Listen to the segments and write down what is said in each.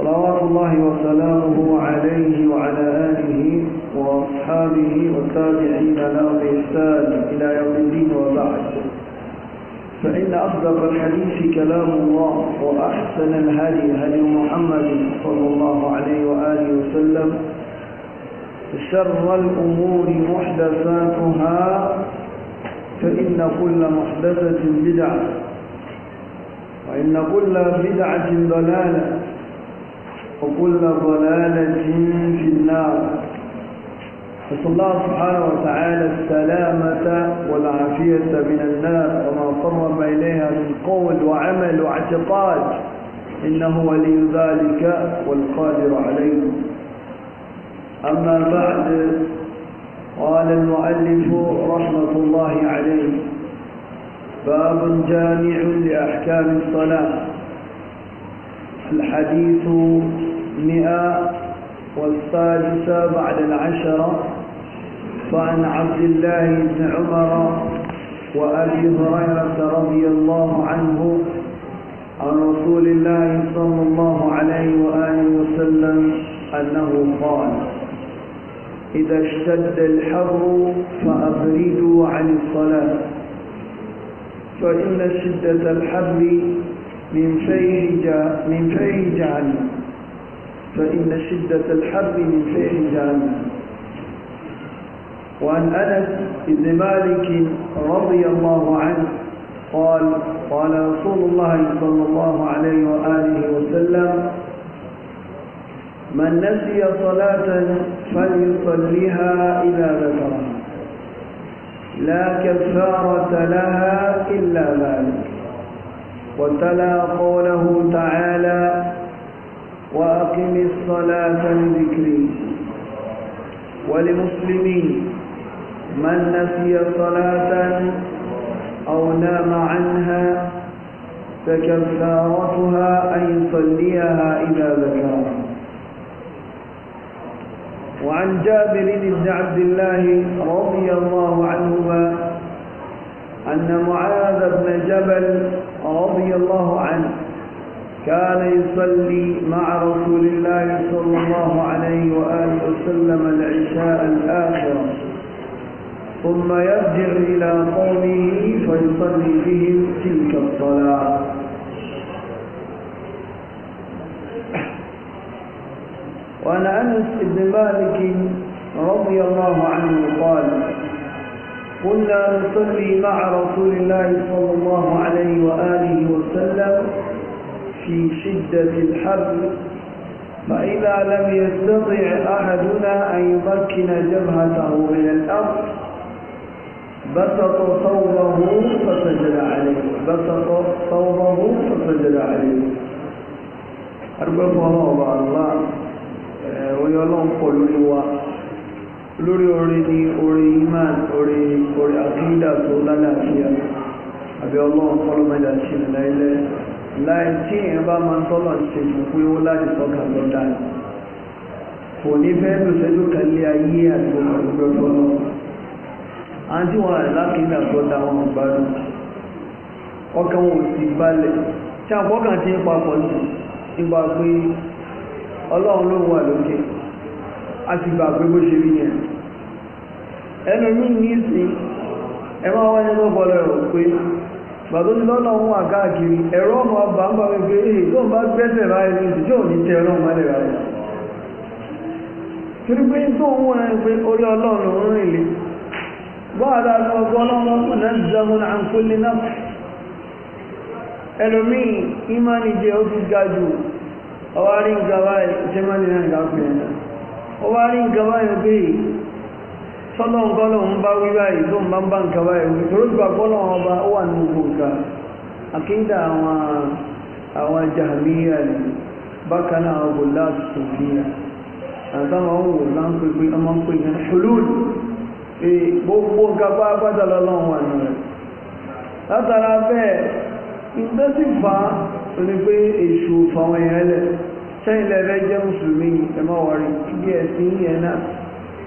صلوات الله وسلامه عليه وعلى آله وأصحابه والتابعين له بإحسان إلى يوم الدين وبعد فإن أصدق الحديث كلام الله وأحسن الهدي هدي محمد صلى الله عليه وآله وسلم شر الأمور محدثاتها فإن كل محدثة بدعة وإن كل بدعة ضلالة وكل ضلالة في النار نسأل الله سبحانه وتعالى السلامة والعافية من النار وما قرب إليها من قول وعمل واعتقاد إنه ولي ذلك والقادر عليه أما بعد قال المؤلف رحمة الله عليه باب جامع لأحكام الصلاة الحديث مئة والثالثة بعد العشرة فعن عبد الله بن عمر وأبي هريرة رضي الله عنه عن رسول الله صلى الله عليه وآله وسلم أنه قال إذا اشتد الحر فأبردوا عن الصلاة فإن شدة الحر من فيه, من فيه جهنم فإن شدة الحر من فعل جهنم وعن أنس بن مالك رضي الله عنه قال قال رسول الله صلى الله عليه وآله وسلم من نسي صلاة فليصليها إذا ذكرها لا كفارة لها إلا ذلك وتلا قوله تعالى وأقم الصلاة لذكري ولمسلمين من نسي صلاة أو نام عنها فكفارتها أن يصليها إذا ذكرها وعن جابر بن عبد الله رضي الله عنهما أن معاذ بن جبل رضي الله عنه كان يصلي مع رسول الله صلى الله عليه وآله وسلم العشاء الآخرة ثم يرجع إلى قومه فيصلي بهم تلك الصلاة وعن أنس بن مالك رضي الله عنه قال كنا نصلي مع رسول الله صلى الله عليه وآله وسلم في شدة الحر فإذا لم يستطع أحدنا أن يمكن جبهته من الأرض بسط ثوبه فسجد عليه بسط ثوبه فسجد عليه الله فهو الله ويولون قلوا أوري orin ni أوري iman orin akídà tó lálàáfíà àbí ọlọ́run kọ́lọ́mẹ́dà sí ìlàílẹ́ láì tí èèyàn bá máa sọ́lọ̀ ṣe fún pé ó láti sọ́kà lọ́dà kò ní fẹ́ lò sẹ́jú kan ayé àti ọkọ̀ ìgbọ́tọ́ náà àti wọn àlákìlà sọ́dà wọn gbádùn ọkàn wọn ò sì balẹ̀ tí àpọ́kàn ti ń papọ̀ jù nípa pé ọlọ́run ló wà lókè a ti gbà pé bó ṣe rí yẹn ẹnu mi ní ìsìn ẹ gbàtó ti lọ́nà ohun àkáàkiri ẹ̀rọ ọmọ ọba ń bá wípé èyí tó ń bá gbẹ́sẹ̀ ráyé ní ìdíjọ́ ní tẹ ọlọ́run mọ́lẹ̀ ráyé torí pé tó ń wọ́n rẹ̀ pé orí ọlọ́run ń rìn lé bọ́ọ̀dá ọgbọ́ ọlọ́run ọkùnrin náà jẹun à ń kó náà ẹlòmíì ga jù ọwárí náà tọ́lọ́n kọ́lọ́n bá wí báyìí tó ń bá ń bá nǹkan báyìí wí tó rúgbà kọ́lọ́n ọba ó wà ní gbogbo nǹkan àkíńdà àwọn àwọn jahamiya ni bákan náà àwọn gòlá sòfíà àtàwọn ohun wò láń pè pé ọmọ ń pè ní hulul pé gbogbo nǹkan bá pátá lọ́lọ́run wà nù rẹ̀ látara bẹ́ẹ̀ nǹkan sì fà á ní pé èṣù fàwọn èèyàn lẹ̀ sẹ́yìn lẹ́fẹ́ jẹ́ mùsùlùmí ẹ̀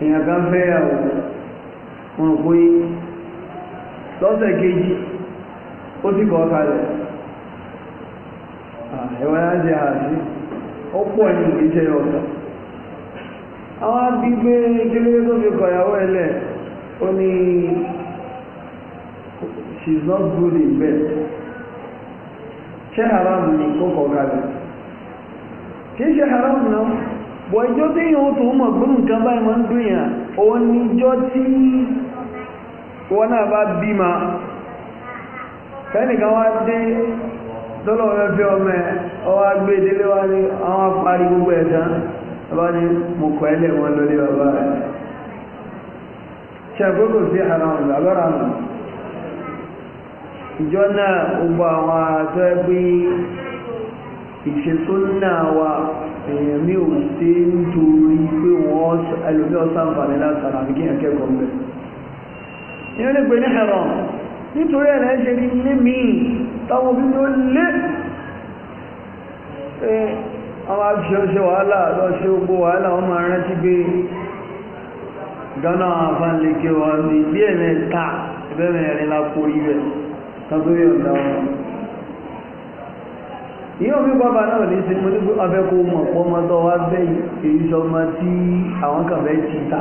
èèyàn kan fẹ́ yàwó wọn ò pé lọ́sẹ̀ kejì ó sì kọ́ kalẹ̀ ẹ̀wọ̀n láti àárín ó pọ̀ ní ìgbésẹ̀ ọ̀tọ̀ àwọn agbègbè kékeré tó fi kọ̀yàwó ẹlẹ̀ ó ní she's not good in bed ṣé haram ni kó kọ̀ kalẹ̀ kì í ṣe haram náà bọ̀ ìjọ tí yóò tó mọ̀ gbọ́n nǹkan báyìí máa ń dùnyàn òun ni ìjọ tí wọ́n náà bá bí ma fẹ́nìkan wá dé lọ́lọ́ ọ̀rẹ́fẹ́ ọmọ ẹ̀ ọwá gbé délé wá ní àwọn afárí gbogbo ẹ̀tàn bá ní mo kọ̀ ẹ́lẹ̀ wọn lórí bàbá rẹ̀ ṣàgbógò sí ara ọ̀rọ̀ àlọ́ra nù ìjọ náà gbogbo àwọn àtọ́ ẹgbẹ́ ìṣesúnnà wa èèyàn mi ò ṣe nítorí pé wọ́n ẹlòmí ọ̀sánfàní látara àbí kíyàn kẹ́kọ̀ọ́ mẹ́ ìyẹn lè pè ní ẹ̀rọ nítorí ẹ̀rẹ́ ṣe ní ilé míì táwọn òbí ló lé pé àwọn aṣọ́ṣe wàhálà lọ́ṣẹ́ ogbó wàhálà wọ́n máa rántí pé gánà àfàǹlẹ̀kẹ́ wà ní ilé ẹ̀mẹ́ta ẹ̀bẹ́mẹ́rin lápò ibẹ̀ tàbí ọ̀dà wọn ìyá òbí bàbá náà ní sí mo ní ọbẹ̀ kó mọ̀ pọ́ ọmọ tó wá bẹ́ èyí ma tí àwọn kan ti ta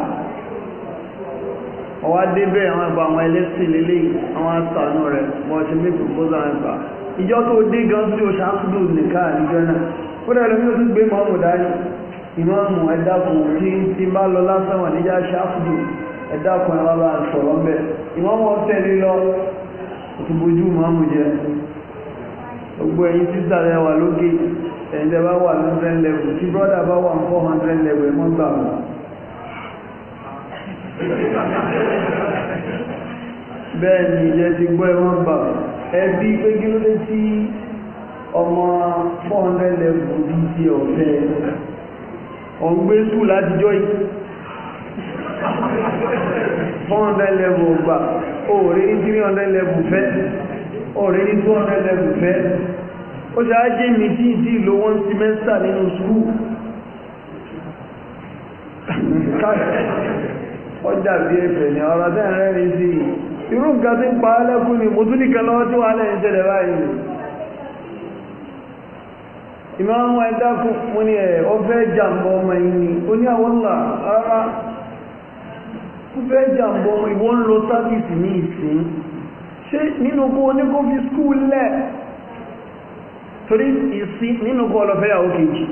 ọwá débẹ̀ àwọn ẹgbà àwọn ẹlẹ́sìn lélẹ̀ àwọn àtànú rẹ̀ mọ̀ sí mẹ́kùn fọ́sà ẹgbà ìjọ tó dé gan sí oṣù àkùdù nìkan àníjọ náà ó dẹ̀ lómi ó tún gbé mọ́mù dání tí ti bá lọ lásán níjà ṣáfùdù ẹ̀dàkùn gbogbo ẹ̀yin sísà rẹ̀ wà lókè ẹ̀yin tẹ́ bá wà ní hundred level tí brọ́dà bá wà ní four hundred level ẹ̀ mọ́ gbà mọ́. bẹ́ẹ̀ ni ìjẹ́ ti gbọ́ ẹ̀ wọ́n ẹbí pé kí ló dé tí ọmọ four hundred level bí ti ọ̀fẹ́ ọ̀gbẹ́ sùn láti jọ́ yìí four hundred level gbà ó rí three hundred level fẹ́. ọ̀rẹ́ ní 200 level fẹ́ ó ṣe ajé mi tí ìdí ìlò one semester nínú ọjà bí ẹ̀fẹ̀ ni ọ̀rọ̀ tẹ́ ẹ̀rẹ́ ní sí irú nǹkan tí ń pa alẹ́kùn ni mo tún ní kan tí wà lẹ́yìn tẹ́lẹ̀ báyìí ìmọ̀ àwọn ẹ̀dákùn mo ní ẹ̀ ọ fẹ́ ọmọ yìí ni ó ní àwọn ńlá rárá fẹ́ lo sáfíìsì ní ìsìn ṣe nínú kó oníkó fi skúl lẹ̀ torí ìsí nínú kó ọlọ́fẹ́ yàwó kejì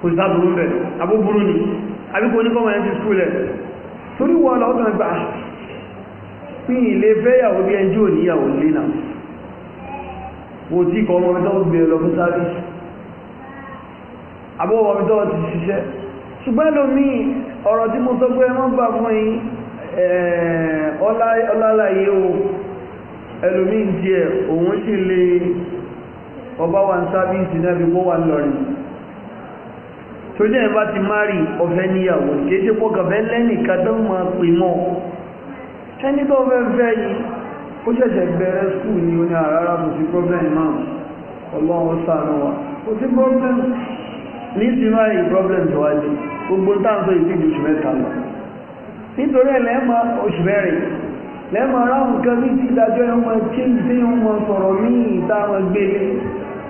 kò sí sáàbùrú bẹ̀ abúburú ni àbíkò oníkó mọ̀ ẹni skúl lẹ̀ torí wọ́n lọ́tàn gbà pín ilé fẹ́ yàwó bí ẹnjú ò níyàwó lé náà wò mi tó e ti ṣiṣẹ́ ṣùgbọ́n lómi ọ̀rọ̀ tí mo sọ pé wọ́n gbà fún yín ọlálàyé o ẹlòmí ń di ẹ̀ òun sì lè ọba wa ń sábíìsì náà bí wọ́n wà lọ́rin tó ní ẹ̀bá ti márì ọ̀fẹ́ níyàwó kìí ṣe pọ́ gàfẹ́ lẹ́nìkan tó máa pè mọ́ ẹni tó fẹ́ fẹ́ yìí ó ṣẹ̀ṣẹ̀ bẹ̀rẹ̀ skul ní oní ah, àrárá kò sí problem náà ọlọ́run sànú wa kò sí problem ní ti márì problem tó wájú gbogbo táǹtó ìdíje oṣù mẹ́ta lọ nítorí ẹ̀lẹ́ oṣù mẹ́rin lẹ́mọ̀ aráhùn nǹkan bí ti ìdájọ́ yẹn wọn tí ń tí ń wọn sọ̀rọ̀ ní ìta wọn gbé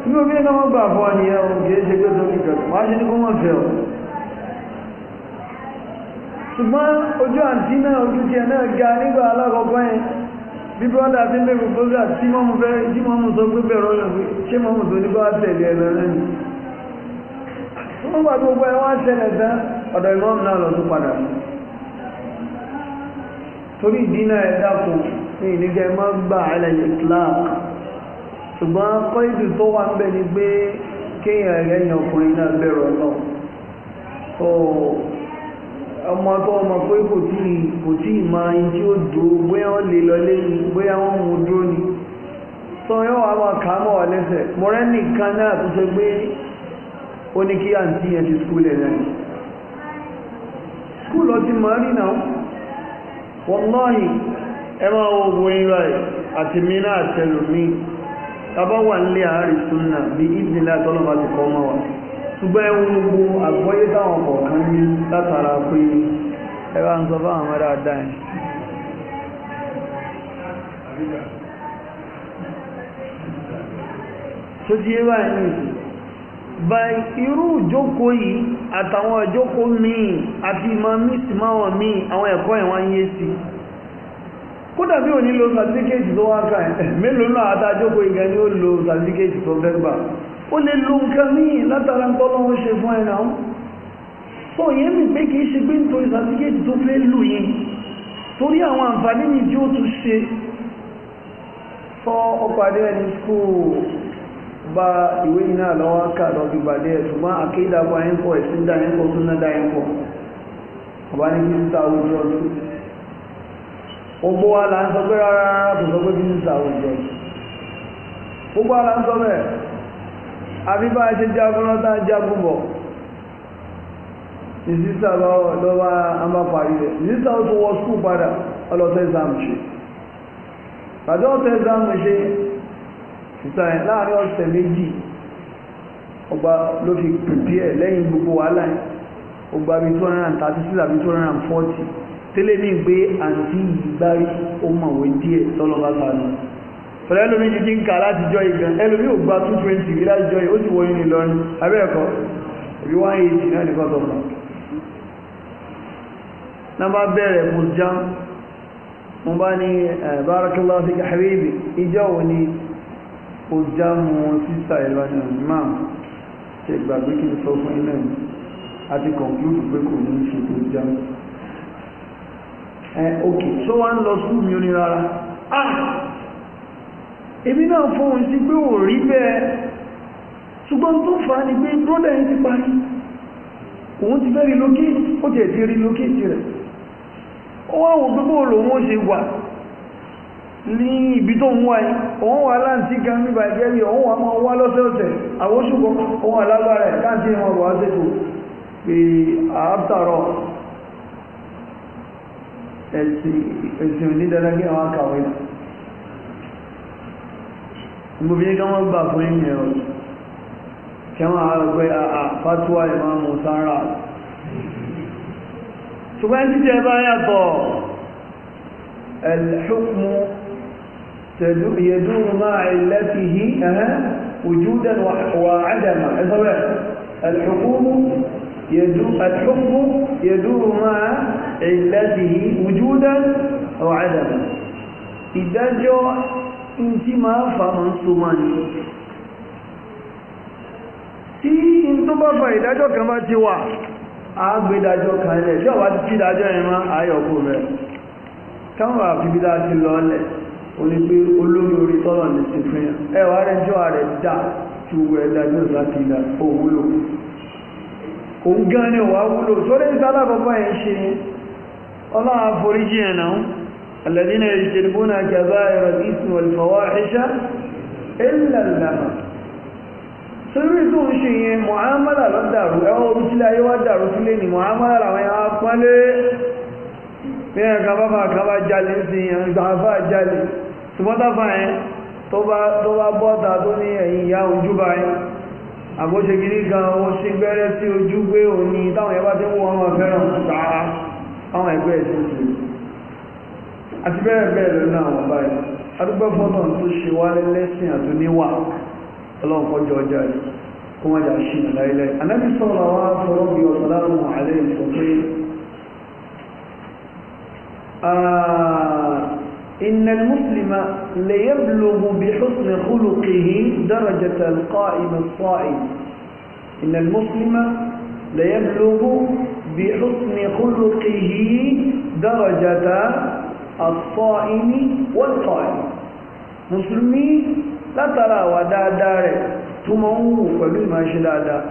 ní bí omi náà wọ́n gbà fún ọ̀nìyàn òun kìí ṣe pé tó ní kẹ̀kọ́ wá ṣe ní kó wọ́n fẹ́ ọ. ṣùgbọ́n ojú àǹtí náà ojú tiẹ̀ náà ga nígbà alákọ̀ọ́kọ́ yẹn bí brọ́dà ti ń bẹ̀rù fọ́gà tí wọ́n mú fẹ́ tí wọ́n mú sọ pé bẹ̀rù ọ̀nà pé ṣé wọ́n mú sọ torí ìdínà ẹ̀dá kò ní ìníjẹ́ má gbà ẹlẹ́yìn clark ṣùgbọ́n kọ́ìdù tó wà ń bẹ̀ ni pé kéèyàn rẹ̀ yàn ọkùnrin náà bẹ̀rọ náà so ọmọ tó ọmọ pé kò tí kò tí ì máa ń tí ó dúró bóyá wọ́n lè lọlé ni bóyá wọ́n mú dúró ní wọ́nlọ́yìn ẹ máa wo owó ìrọ̀ àti mìíràn àtẹlùmí tàbá wà nílé àárí súnà bí ìdílé àtọ́lọ́mà ti kọ́ wa ṣùgbọ́n gbogbo àgbọ́yé táwọn kọ̀ọ̀kan ní látara pé ẹ ń sọ fáwọn ọmọ tó by irú ìjókòó yìí àtàwọn ìjókòó míì àti ìmọ̀ mísì máwọn míì àwọn ẹ̀kọ́ ìwọ̀n yé sí kódà bí ò ní lo certificate tó wá kà ẹ̀ mélòó náà àtàjókòó ìgẹ̀ ni ó lo certificate tó fẹ́ gbà ó lè lo nǹkan míì látara ń tọ́lọ́ ó ṣe fún ẹ̀nà ó sọ yẹn mi pé kìí ṣe pé nítorí certificate tó fẹ́ lù yẹn torí àwọn àǹfààní mi tí ó tún ṣe sọ ọkọ̀ adé ẹni school bá iwe yìí náà lọ́wọ́ kà lọ bí bàdé ẹ̀ ṣùgbọ́n àkéèdà bá ẹ̀ ń kọ́ ẹ̀sìn dá ẹ̀ ń kọ́ tún náà dá ẹ̀ ń kọ́ ọba ní mínísítà àwùjọ ọdún gbogbo wa là ń sọ pé rárá kò sọ pé mínísítà a ṣe wọ ìgbà yẹn láàrin ọ̀sẹ̀ méjì ọgbà ló fi prepare lẹ́yìn gbogbo wàhálà ọgbà bíi 230 hundred àbí gbé àǹtí ìgbárí díẹ̀ tọ́lọ́bá sàánú pẹ̀lẹ́ lómi jí kí ń láti jọ ìgbà ẹlòmí ò gba 220 láti jọ ó sì wọ́n ní lọ́rin abẹ́ẹ̀kọ́ 180 náà bẹ̀rẹ̀ mo bá ní eh, ó já mú wọn sísà ìlànà imam ṣe gbàgbé kí n sọ fún ilẹ̀ mi àti kọ̀ǹpútù pé kò ní ṣe tó já mú òkè tó wá ń lọ sí mi ní rárá ah èmi náà fóun sí pé ò rí bẹ́ẹ̀ ṣùgbọ́n tó fà á ni pé brọ́dẹ̀ yìí ti parí òun ti fẹ́ rí lókè ó jẹ̀ ti rí lókè tirẹ̀ ó wá wò gbogbo òun lòun ó ṣe wà ní ibi tó ń wá ẹ òun wà láti gan nígbà ìjẹ́ yìí òun wà máa wá lọ́sẹ̀ọ̀sẹ̀ àwọ́sùgbọ́ òun alágbára ẹ̀ láti ẹmọ wà sẹ́tò pé àáptàrọ ẹ̀sìn ní dandan kí àwọn akàwé ìmòbìnrin kan wọ́n gbà fún ìyẹn ẹ̀rọ kí wọ́n ah, ah, àárọ̀ الحكم يدور مع علته وجودا وعدما الحكم يدور الحكم يدور مع علته وجودا وعدما ìdájọ́ tí máa fa ma ń so máa ní tí in tó bá fa ìdájọ́ kan bá ti wà àágbédájọ́ kan ilẹ̀ tí ọ̀wá ti kí ìdájọ́ ìrìnmá ayọ̀kú rẹ̀ káwọn àfibídá ti lọ́ọ̀lẹ̀ onígbé olórí orí tọ́lọ̀ ní sí fún yà ẹwà rẹ̀ jọ rẹ̀ dà ju ẹ̀dàjú láti ilà òwúlò òun gan ni wà wúlò sórí ìsálà bàbá ṣe ọlọ́run àforíjì ẹ̀nà الذين يجتنبون كبائر الإثم والفواحش إلا اللمع sórí tó ń ṣe yẹn mọ̀hámàlà lọ dàrú ẹwọ́ orí sílẹ̀ ayé wá dàrú sílé ní mọ̀hámàlà làwọn ẹwà bí ẹ̀kan bá bá kan bá jalè sí ẹ̀kan bá jalè ṣùgbọ́n táfà yẹn tó bá bọ́ta tó ní ẹ̀yìn ìyá ojúbà yẹn àbóṣe gidi gan ó sí gbẹ́rẹ́ sí ojú gbé òní táwọn ẹbá tí wọ́n wọn fẹ́ràn tààrà àwọn ẹgbẹ́ ẹ̀sìn sí àti bẹ́ẹ̀ bẹ́ẹ̀ lọ́nà àwọn báyìí adúgbẹ́ fọ́tọ̀ tó ṣe wá lẹ́lẹ́sìn àtúníwà ọlọ́run kọjọ ọjà yìí إن المسلم ليبلغ بحسن خلقه درجة القائم الصائم إن المسلم ليبلغ بحسن خلقه درجة الصائم والقائم مسلمي لا ترى ودا دار تمو فبما شدادا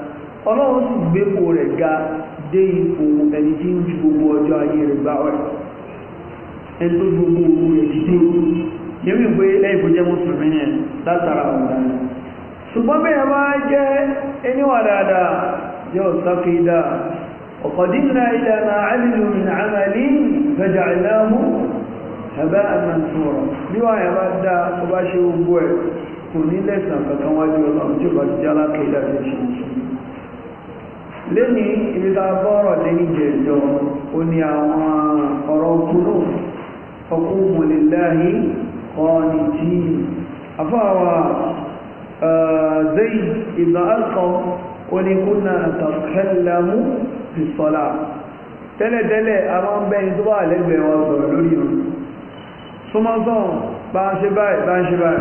الله سبحانه وتعالى ipò rẹ̀ ga dé ipò ẹni ẹni tó gbogbo ogun rẹ̀ dídé yẹ́mí pé ẹ̀yìn kò jẹ́ mùsùlùmí yẹn látara ọ̀daràn ṣùgbọ́n bẹ́ẹ̀ bá jẹ́ ẹniwà dáadáa yóò sáfídà ọ̀kọ̀dínlá ilẹ̀ náà àìlú min àmàlí gbẹjà ẹ̀bẹ́ àmàntúrọ̀ níwà فقوموا لله قانتين أفاوى آه زيد بن ألقم ولي كنا نتكلم في الصلاة تلا تلا أمام بين دواء لك وصل لوليون ثم صوم بان شباي بان شباي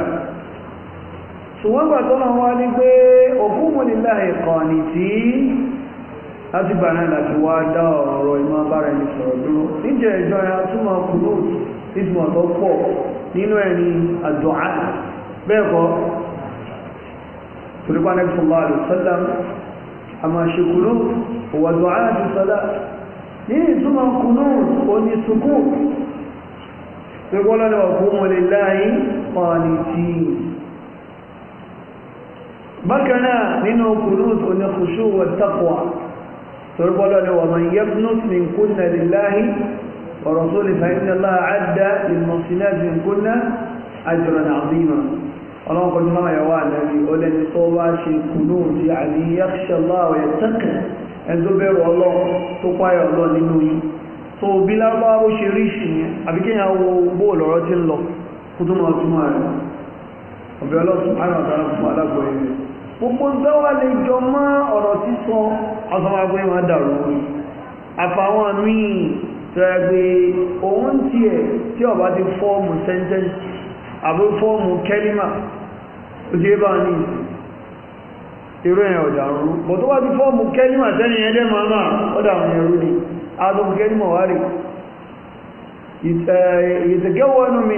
ṣùgbọ́n gbà tó náà wá ní pé òkúmù níláhì kọ̀ọ̀nì tí wá dá ọ̀rọ̀ ìtumọ̀ tó pọ̀ nínú ẹni àdúà bẹ́ẹ̀ kọ́ tòlúpá náà sallallahu alaihi wasallam àmà ṣekúrú wà dùn àti sọ́lá ní ìtumọ̀ kùnú òní sùkú pẹ̀kọ́lọ́ lọ fún wọn lillahi qanitin bákanáà nínú kùnú òní khushu wa taqwa tòlúpá lọ́nà ورسوله فإن الله عد للمحسنات منكن أجرا عظيما الله kọjú máa yà wá ànábi ọlẹ́ni tó wá ṣe kùnú ti àní yàkṣẹ́lá ọ̀yẹ̀ tẹ́kẹ̀ ẹni tó bẹ̀rù ọlọ́run tó páyà ọlọ́run nínú yìí tó bí lárúbáwó ṣe rí ìṣìyẹn àbí kéèyàn wo bó lọ́rọ́ ti ń lọ kó tó máa túmọ̀ rẹ̀ ọ̀bẹ ọlọ́run àrùn àtàrà fún alágbọ̀ yẹn gbogbo dáwà lè jọ mọ́ ọ̀rọ̀ sísọ ọ̀sán wa pé máa dàrú àfàwọn míì sẹ́gbẹ́ òun tiẹ̀ tí ọba ti fọ́ọ̀mù sẹ́ńtẹ́ǹsì àbí fọ́ọ̀mù kẹ́límà ojú ẹ bá ní irú ẹ̀yàn ọ̀dà rú bọ̀ tó wá ti fọ́ọ̀mù kẹ́límà sẹ́ni ẹ̀dẹ́ máa máa ọ̀dà àwọn ẹ̀rú ni adùn kẹ́límà wá rí ìtẹ̀kẹ́wọ́nù mi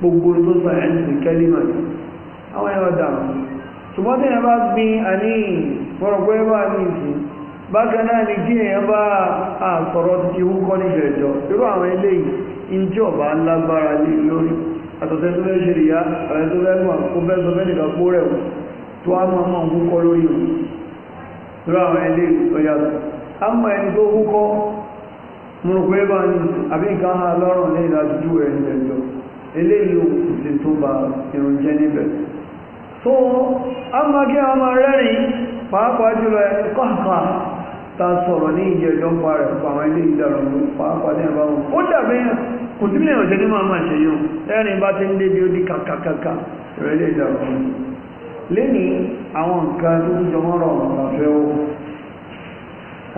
gbogbo tó sọ ẹ̀sìn kẹ́límà yìí àwọn ẹ̀rọ dànù ṣùgbọ́n tí èèyàn bá gbin àní ìfọ̀rọ̀gbọ́ ẹ̀rọ àní ìsìn bákan náà ni kí èèyàn bá àsọ̀rọ̀ ti wúkọ́ níbi ẹ̀jọ́ irú àwọn eléyìí ìjọba lágbára lé e lórí àtọ̀tẹ́ tó fẹ́ ṣe ìyá ààrẹ tó fẹ́ mọ̀ kó fẹ́ sọ fẹ́nìkan kó rẹ̀ wò tó á máa máa wúkọ́ lórí bá irun jẹ́ níbẹ̀ so a kí a máa rẹ́rìn pàápàá jùlọ ta sọ̀rọ̀ ní ìjẹjọ́ pa rẹ̀ pàwọn ilé ìdàrọ̀ pàápàá ní ẹ̀bá wọn ó dàbí kò sí mílíọ̀nù ṣe ní máa máa ṣe ẹ̀rìn bá ti ń ó di kàkàkàkà rẹ̀ lẹ́ni àwọn nǹkan tó ń jọmọ́ rọ̀ ó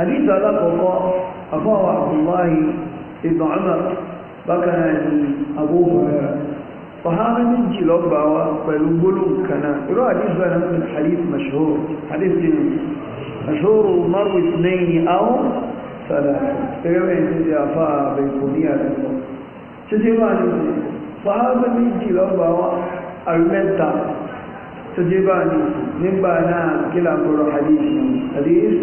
alákọ̀ọ́kọ́ afọ́ àwọn bákan صحابة من جي لبعوا فلنقولون كنا يروى حديث بنا من حديث مشهور حديث مشهور المروي اثنين أو ثلاثة تقريبا تجي أفا بيكونية تجي ما نجي صحابة من جيل أربعة أرمتا تجي ما من نبانا كلا نقول حديث حديث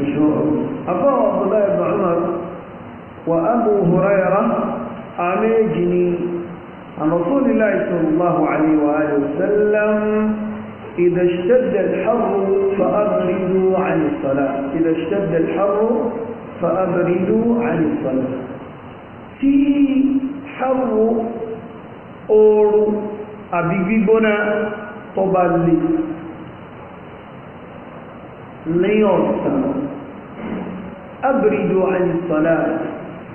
مشهور أفا عبد الله بن عمر وأبو هريرة أميجني عن رسول الله صلى الله عليه وآله وسلم إذا اشتد الحر فأبردوا عن الصلاة إذا اشتد الحر فأبردوا عن الصلاة في حر أور أبي بنا طبالي ليوم أبردوا عن الصلاة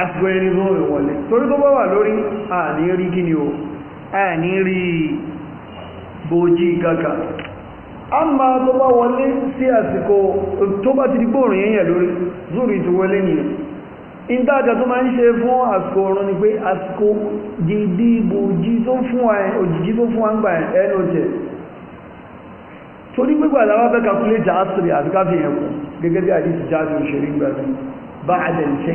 àsìkò ẹni zọ́ọ̀rì wọlé torí tó bá wà lórí àní rí kí ni o àní rí bòjì kàkà a ma tó bá wọlé sí àsìkò tó bá ti dìgbò rìn yẹn lórí zúrì ti wọlé nìyẹn ìdájà tó máa ń ṣe fún àsìkò ọ̀run ni pé àsìkò dìdí bòjì tó fún wa ẹ̀ òjìjí tó fún wa ń gbà ẹ̀ ẹnu jẹ torí gbígbà làwọn fẹ́ calculate àsìrì àti káfíyàn gẹ́gẹ́ bí àdìsí jáde òṣèré gbà bá àdẹ̀ ṣe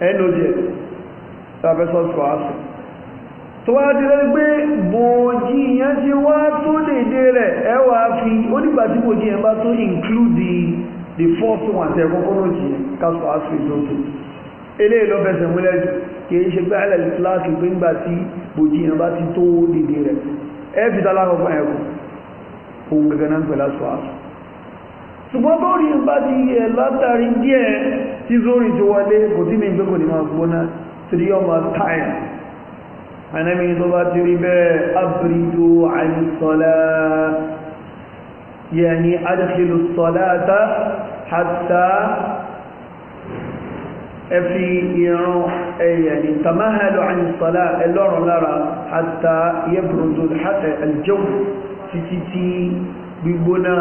nods tàbẹ́sọ̀ swahili tó wá ti rẹ́ pé bòójì yẹn ti wá tó dédé rẹ̀ ẹ wà fi ó nígbà tí bòójì yẹn bá tó include the the first one tẹ kọ́kọ́ náà jì yẹn kásọ̀ àṣírí tó tó eléyìí lọ fẹsẹ̀ múlẹ̀ jù kì í ṣe pé àìlẹ̀ láti pé nígbà tí bòójì yẹn bá ti tó dédé rẹ̀ ẹ fi tá lákọ̀ọ́kọ́ yẹn kù ohun gẹ́gẹ́ náà pẹ̀lú ṣùgbọ́n bóòrì yẹn ti yẹ látàrí díẹ̀ tí zórí jọ wọlé kò tí mi gbogbo ní máa gbóná tí yọ máa táyà anẹ́mi tó bá ti rí bẹ́ẹ̀ abúrídó àìsọ́lá yẹni adìkìlù sọ́láta hàtà ẹfi ìran ẹ̀yẹni tàmáhàlù àìsọ́lá ẹlọ́rùn lára hàtà yẹbùrùdó aljẹ́wù títí tí gbígbóná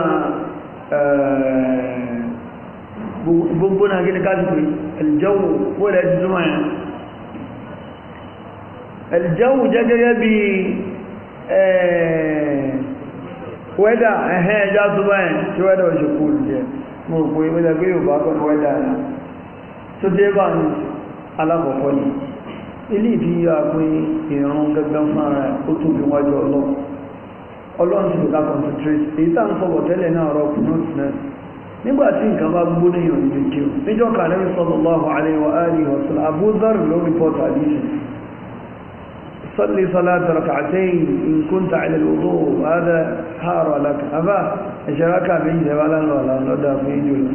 ẹ̀ẹ́ eh, gbogbo náà gíní káàkiri pé aljawu kó lẹ́ ti súnmọ́ yẹn aljawu jẹ́ gẹ́gẹ́ bí wẹ́dà ẹ̀hẹ́ ẹjá súnmọ́ yẹn tí wẹ́dà oṣù kú jẹ mo rò pé wẹ́dà pé yóò bá kọ́ wẹ́dà náà tó dé bá ní alákọ̀ọ́kọ́ ni ilé ìfi yóò pé ìrún gẹ́gẹ́ fún ara ó tún fi wájú ọlọ́ ọlọ́run ti concentrate èyí tá à ń sọ̀rọ̀ tẹ́lẹ̀ náà nígbà tí nǹkan bá gbóná yàn ní kí o níjọ́ kan Ànábì sallallahu alaihi wa alihi wa sallam Abu Dharr ló rìpọ́tà àdíṣẹ́ صلي صلاة ركعتين إن كنت على الوضوء هذا حار لك أبا أشراك فيه ولا ولا ندى فيه جل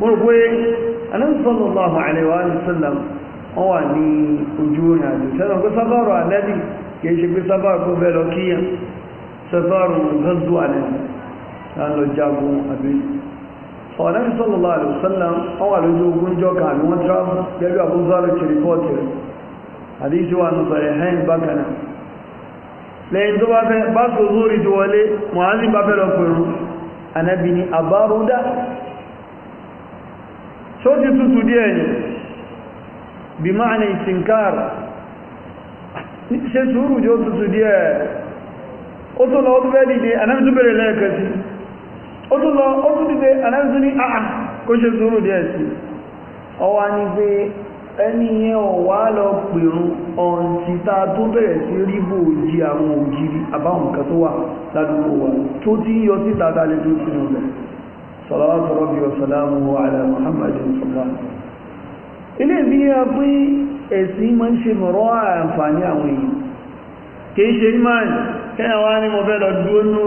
مرقوي أنا صلى الله عليه وآله وسلم أواني أجونا سنة بصبار الذي يشك بصبار كبير وكيا سفار غزو عليه كان له جابوا أبي ọ̀nà sallallahu alaihi wasallam ọwà lójú ogun jọ kan àbí wọ́n tíráàmù gẹ́gẹ́ àbúzọ́rọ̀ ti rìpọ́ọ̀tì rẹ̀ àdíṣẹ́ wà nù sọ̀rọ̀ ẹ̀hẹ́n bákanà lẹ́yìn tó bá fẹ́ bá kò zórí tó wọlé mọ̀hálì bá fẹ́ lọ pẹ̀rún ànábì ni àbárúdá ṣó ti tútù díẹ̀ ni bí máa ní ó tún lọ ó tún dìde aláìsí ní àà kó ṣe sùúrù díẹ̀ sí ọwá ní pé ẹni yẹn ò wá lọ pèrún ọ̀ǹtì ta tó bẹ̀rẹ̀ sí ríbò òjì àwọn ògiri àbáwọn nǹkan tó wà ládùúgbò wa tó ti yọ síta dalẹ̀ tó sínú rẹ̀ salawatu rabbi wa salamuhu ala muhammadin sallallahu ilé ìbí ya pé ẹ̀sìn máa ń ṣe mọ̀rọ̀ àǹfààní àwọn èèyàn kìí ṣe imáàlì kẹ́yàn ní mo lọ dúó nínú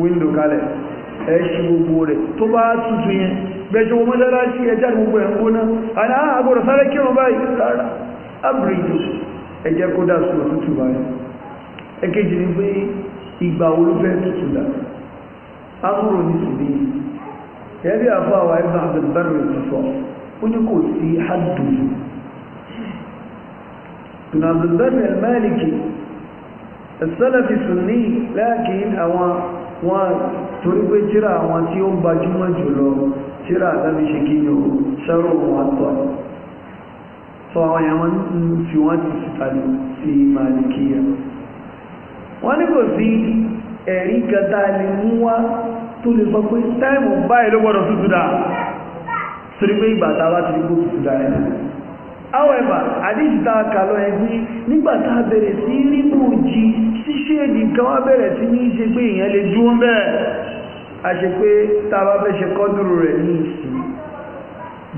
wíńdò kalẹ̀ ẹ ṣí gbogbo rẹ̀ tó bá tutù yẹn gbẹjọ mọ́sálásí ẹjá gbogbo ẹ̀ ń gbóná àná àgbọ̀rọ̀ sáré kírun báyìí rárá ábìrìjò ẹjẹ́ kó dà sùn òtútù báyìí ẹkẹ́jì ni pé ìgbà wo ló fẹ́ tutù dà ámúrò ní síbí ẹ̀rí àfọ́ àwọn ẹ̀bà السلفي السني لكن أوان wọ́n torí pé tíra àwọn tí ó gbajúmọ̀ jùlọ tíra àtàbí ṣe kí ni ó ṣẹ́rọ̀ wọn àtọ̀ sọ àwọn èèyàn wọn ń fi wọ́n ti sìtàlù sí màlìkíyà wọ́n ní kò sí ẹ̀rí kẹta lè mú wá tó lè sọ pé táìmù báyìí ló gbọ́dọ̀ tútù dáa torí pé ìgbà tá a bá ti rí kó tútù dáa however àdìsí tá a kà lọ yẹn ní nígbà tá a bẹ̀rẹ̀ sí ríbùjì ṣíṣe èdè kan wá bẹ̀rẹ̀ sí ní ṣe pé èèyàn lè dúró bẹ́ẹ̀ a ṣe pé tá a bá fẹ́ ṣe kọ́dùrú rẹ̀ ní ìsìn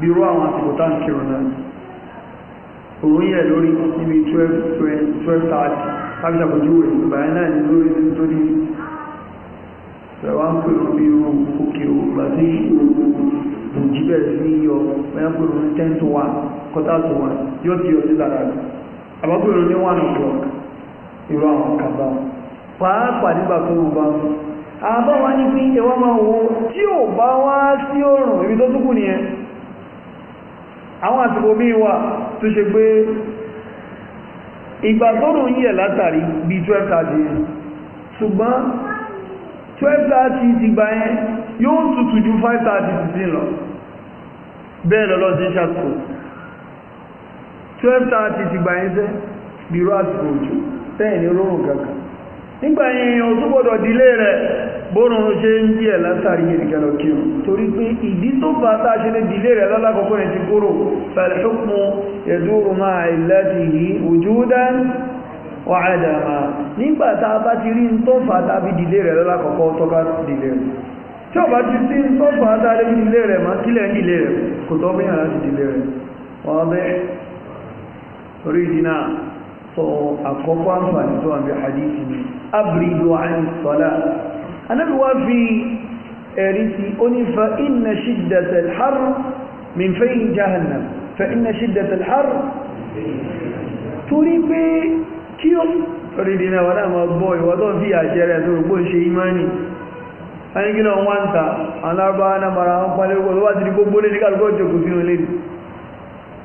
bí àwọn àsìkò tá ń náà òun yẹ lórí níbi twelve twelve thirty tàbí ṣàpèjúwe ìbàyẹn náà ní lórí nítorí wọ́n pè wọ́n bí irú òkè ògbà tí ìṣòro òjì bẹ̀rẹ̀ sí yọ wọ́n pè wọ́n ten to one quarter to one yóò di òsì lára rẹ̀ àbábòrò ní one o'clock ìrọ̀ àwọn kàbá pàápàá nígbà tó wù bá mú àbáwá ní pín ẹwà máa wo tí ò bá wá sí òrùn ibi tó túnkù nìyẹn àwọn àsìkò míì wà tó ṣe pé ìgbà tó rùn yẹ̀ látàrí bí 12:30 ṣùgbọ́n 12:30 ti gbà yẹn yóò tutù ju 5:30 sí lọ bẹ́ẹ̀ lọ́lọ́ sí twelve thirty ti gbà yín sẹ́ bíró àsìkò òjò tẹ́yìn ní rọrùn kankan nígbà yẹn èèyàn tó gbọ́dọ̀ dílé rẹ̀ bóòrùn ṣe ń bí ẹ̀ látàrí ìrìnkà lọ kí o torí pé ìdí tó bá táa ṣe lè dílé rẹ̀ lọ́lákọ̀ọ́kọ́ rẹ̀ ti kúrò fẹ̀lẹ́fẹ́kún ẹ̀dúrù máa ìlàtì yìí wujudan wa adama nígbà tá a bá ti rí ń tó fà tàbí dílé rẹ̀ lọ́lákọ̀ọ́kọ́ tó bá dílé rẹ̀ tí ó ti sí ń tó fà tàbí dílé rẹ̀ má kílẹ̀ dílé rẹ̀ kò tọ́ bí torí ìdínà sọ àkọ́kọ́ àǹfààní tó àbí hadith ni abúrídò àìní sọ́lá anábi wá fi ẹ̀rí sí onífà iná ṣídàtà har min fẹ́yìn jahannam fẹ́ iná ṣídàtà har torí pé kí o torí ìdínà wà náà máa bọ́ ìwọ́ tó fi àjẹrẹ tó gbó ṣe imani ayíkínà wọ́n ta alábáná mara ń palẹ́gbọ́ tó wá ti di gbogbo lé ní kálùkọ́ jòkó sínú lé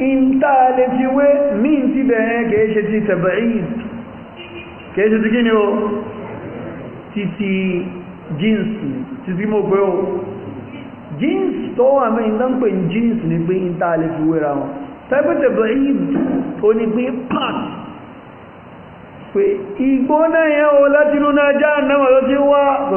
ìntà lè fi wé míì tí bẹ̀rẹ̀ kìí ṣe ti tẹ̀bẹ̀rin kìí ṣe ti kí ni o ti ti jíǹsì ti tí mo pé o jíǹsì tó wà mẹ́ ìdánpẹ̀ jíǹsì ní pé ìntà lè fi wé ra wọn tẹ́gbẹ́ tẹ̀bẹ̀rin ó ní pé pat pé ìgbóná yẹn o láti lúná náà lọ sí wá kò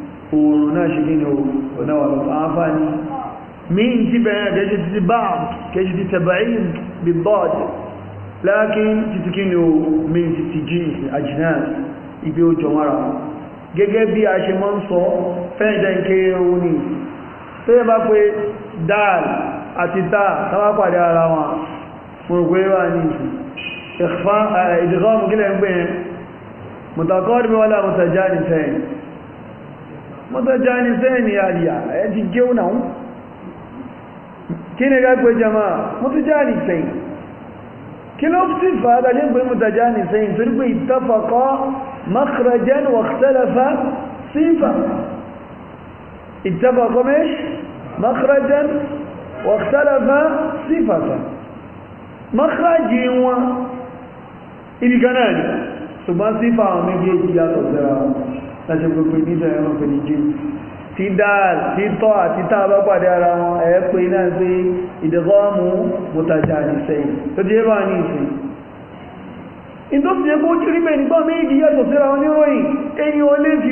oòrùn náà ṣe gínú onáwàlọ́ àǹfààní míì tí bẹ̀rẹ̀ kẹjì ti ti báà kẹjì ti tẹ̀bàáyìn bí bọ́ọ̀dì lákín títí gínú míì ti ti jí àjìnà ibi ó jọmọ́ra gẹ́gẹ́ bí a ṣe mọ́ ń sọ fẹ́ẹ̀dẹ̀ kéré ní tó yẹ bá pé dáàl àti dáà tàbá pàdé ara wọn fòrògbé wà ní ìdìgọ́ mú kílẹ̀ ń gbé mùtàkọ́ mutajanisaini yaliya yajigeuna kine ga pe jamaa mutajanisaini كلوبتي فهذا جنب المتجانسين فرق اتفقا مخرجا واختلفا صفة اتفقا مش مخرجا واختلفا صفة مخرج هو إلي كناني ثم صفة مجيجي يا تصرا láti gbogbo níjọ ẹran pẹ̀lú jim tí dáàl tí tọ́ àti tá a bá pàdé ara wọn ẹ̀ pé náà pé ìdẹ̀kọ́mù mọ́tàjà nìsẹ̀yìn tó ti yé bá ní ìsìn ìtọ́sí ẹgbó ojú rí bẹ́ẹ̀ nígbà méjì yàtọ̀ síra wọn níròyìn ẹ̀yìn o lè fi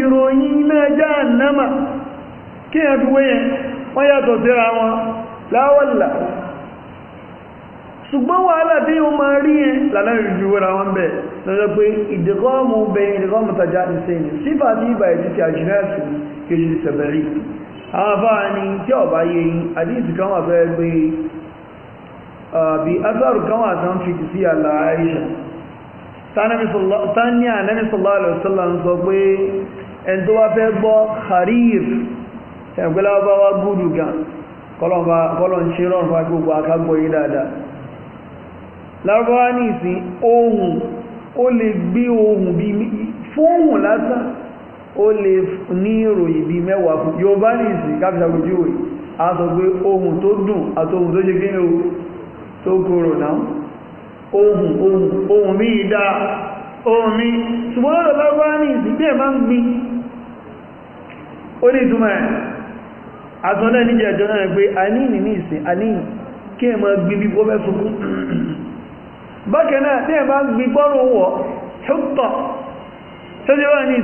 ṣùgbọ́n wàhálà tí yóò máa rí yẹn lálẹ́rìn ju wẹ́ra wọn bẹ̀ lọ́jọ́ pé ìdíkọ́ọ̀mù bẹ̀yìn ìdíkọ́ọ̀mù tajà ìsẹ́yìn sífà tí ìbà ìdí ti àjùmẹ́sù kejì sẹ̀bẹ̀rì àwọn afáà ni tí ọ̀bá yẹ yìí àdíìsì kan wà fẹ́ gbé bí azaru kan wà tán fi sí àlà Aisha rọrùn fún agbègbè yìí dáadáa lárúbáwá ní ìsìn ohun ó lè gbé ohun bí fóhùn lásán ó lè ní ìròyìn bí mẹ́wàá fún yorùbá ní ìsìn káfíṣàgbójú òye a sọ pé ohun tó dùn àtohun tó ṣe kí ni o tó kòrò náà ohun ohun ohun bí ìdá ohun mi ṣùgbọ́n lọ́dọ̀ lárúbáwá ní ìsìn bí ẹ̀ máa ń níjẹ̀ ìjọ náà pé a ní ìní ìsìn a ní kí ẹ̀ máa gbin bí bó fẹ́ sunkún bákan náà tí ẹ bá gbí gbọ́rùn wọ̀ ṣùtọ̀ tó jẹ́ wà ní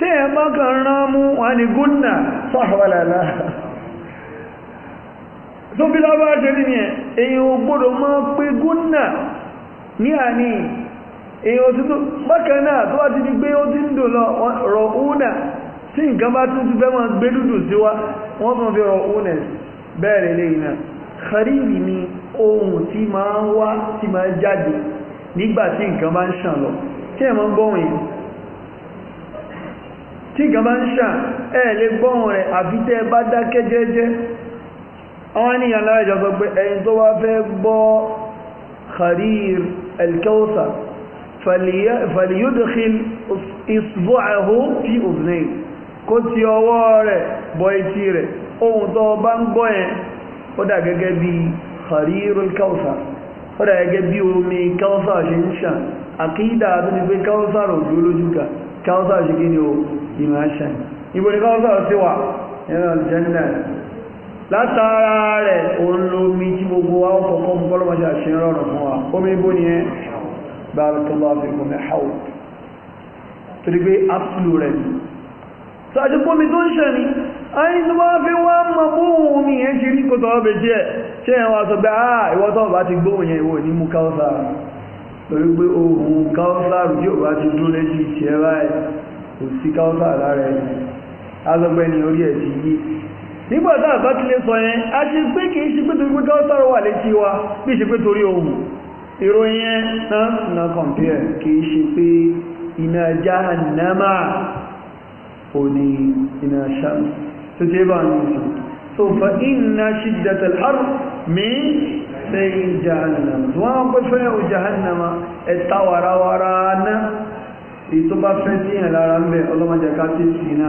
tí ẹ bá kàn rán mú wà ní gúnnà tó bí lábá ní èyàn ò mọ́ pé gúnnà ní àní èyàn ò bákan náà tó wá ti khariri ni ohun tí máa ń wá tí máa ń jáde nígbàtí nǹkan bá ń ṣàn lọ tí ẹ̀mọ́ ń gbọ́hùn yìí tí nǹkan bá ń ṣàn ẹ lè gbọ́hùn rẹ̀ àfi tẹ́ bá dákẹ́ jẹ́jẹ́ àwọn ènìyàn láìjọ sọ pé ẹni tó wá fẹ́ gbọ́ kharir al-kawthar فليدخل إصبعه في أذنيه kó ti ọwọ́ rẹ̀ bọ etí rẹ̀ ohun tó bá ń gbọ́ yẹn ó dà gẹ́gẹ́ bí kharirul kawthar ó dà gẹ́gẹ́ bí omi kawthar ṣe ń ṣàn àkídà tó ní pé kawthar òjò lójúkà kawthar ṣe kíni o ìmọ̀ ṣàn ibo ni kawthar ti wà nínú aljanna látara rẹ̀ òun lómi tí gbogbo wa ó kọ̀kọ́ mú kọ́lọ́mọṣe àṣírọ́rùn fún wa omi bó ni ẹ barakallahu fikum hawd torí pé absolute rẹ̀ ṣáàjú pómi tó ń ṣẹ̀ ní ayé tó bá fi wá mọ̀ bóhùn omi yẹn ṣe rí kòtò ọbẹ̀ jẹ́ ṣe yẹn wá sọ pé àà ah, ìwọ́tọ̀ bá ti gbóhùn yẹn ìwò ní mú káọ́sáàrù torí pé ohun káọ́sáàrù tí ò bá ti dún léjì tí ẹ báyìí kò sí káọ́sáàrù lára ẹni azọgbẹ́ ni orí ẹ̀ ti yí nígbà tá àbá ti lè sọ yẹn a ṣe pé kì í ṣe pé torí pé káọ́sáàrù wà létí wa bí ṣe pé torí ohun oni ina sham tó jẹ́ bá ní ìsìn so fa inna shiddatal harb min sai jahannama tó wọ́n pẹ́ fẹ́ o jahannama ẹta warawara na èyí tó bá fẹ́ tí yẹn lára ń bẹ ọlọ́mọdé ká tí sí iná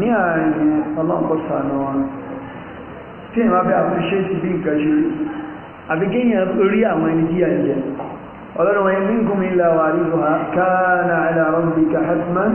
ní àárín ọlọ́mọkọsànà wọn tí yẹn bá fẹ́ appreciate bí nǹkan ṣe àbí kéèyàn rí àwọn ẹni tí yà jẹ ọlọ́run ẹni minkum illa wariduha kana ala rabbika hatman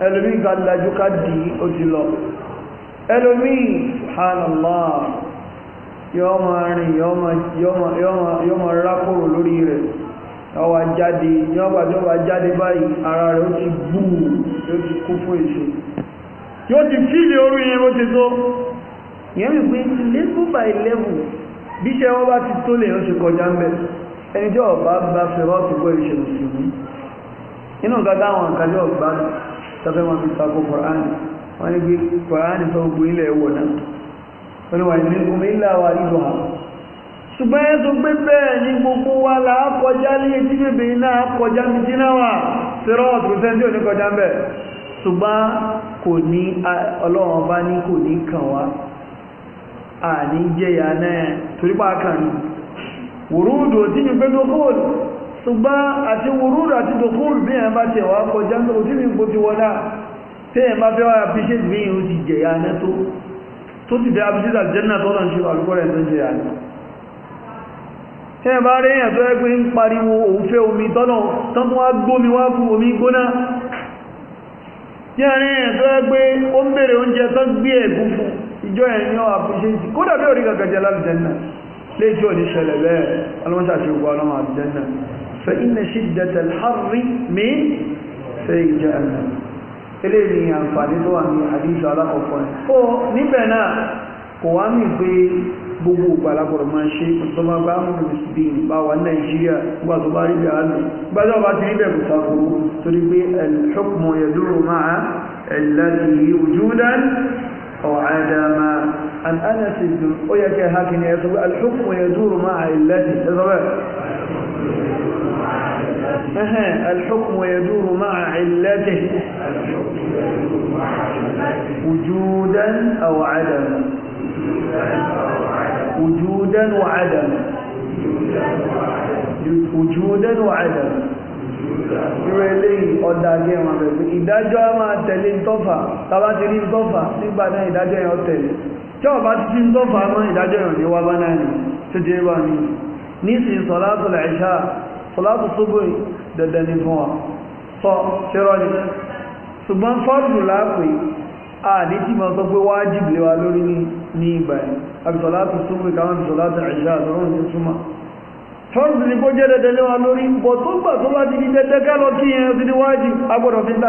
elomi gbàdúgbàjú ká dì í ti lọ ẹlòmíì subhanallah yọ́ ma rìn yọ́ ma rákòrò lórí rẹ̀ ọwà jáde yọ́gbà tí ó wà jáde báyìí ara rẹ̀ ó ti gbúù ó ti kú fún èṣù yóò ti fílì orú yẹn ó ti tó level by level bí iṣẹ́ wọ́n bá ti tó lè ó ṣe kọjá ń bẹ̀ ẹni tí ọ̀bá bá fẹ́ rọ́ọ̀tù pé ìṣèlú sí inú tọ́fẹ́ wọn fi tako Kùránì wọ́n ní bí Kùránì fẹ́ gbogbo ilẹ̀ ẹ̀wọ̀ náà wọ́n ni wà ní omi ilẹ̀ àwà ìlú ha ṣùgbọ́n ẹ tó gbé bẹ́ẹ̀ ní gbogbo wa là ní etí bèbè náà kọjá ní kọjá ń ṣùgbọ́n àti wùrúrù àti dòkúrù bí ẹ̀ bá tẹ̀wà kọjá ní òtí mi gbójú wọlá tí ẹ̀ bá fẹ́ wá appreciate bí ìhun ti jẹ̀ ya ní tó tó ti fẹ́ appreciate àjẹ́nà tó lọ ń ṣe àlùkọ́rẹ̀ tó jẹ́ ya ní tẹ́ bá rí èyàn tó ẹgbẹ́ ń pariwo òun fẹ́ omi tọ́nà tán tó wá gbómi wá fún bẹ́ẹ̀ alọ́mọ́sàṣẹ́ ogun alọ́mọ́ àti jẹ́ náà فإن شدة الحر من سيء جهنم eléyìí ni àǹfààní tó wà ní àdíṣà alákọ̀ọ́kọ́ ẹ̀ ó níbẹ̀ náà kò wá mì pé gbogbo ìgbàlagbọ̀rọ̀ máa ṣe tó máa bá mú bí bá wà ní nàìjíríà gbà tó bá rí bí àánú gbájọ́ bá ti rí bẹ̀ kò sàkóró torí pé al yẹ kẹ́ hákin ẹ̀ الحكم يدور مع علته وجودا أو عدما وجودا وعدما وجودا وعدما irú eléyìí ọ̀dà ní ẹ̀wọ̀n rẹ̀ pé ìdájọ́ a máa tẹ̀lé ntọ́fà tàbá ti rí ntọ́fà nígbà náà ìdájọ́ yẹn tẹ̀lé tí ọba ti fi ntọ́fà mọ́ ìdájọ́ yẹn ní wá bá náà ní tó sọ̀látù sóbò dandan fún wa sọ ṣẹ́rọ ni ṣùgbọ́n fọ́ọ̀dù láàpẹ́ a ní tí ma sọ pé wa lórí ní ìgbà àbí káwọn ní súnmọ́ ni kó jẹ́ dandan lé lórí bọ̀ tó gbà tó bá ti di dandan ká lọ kí yẹn ní wájì agbọ́dọ̀ fi ṣe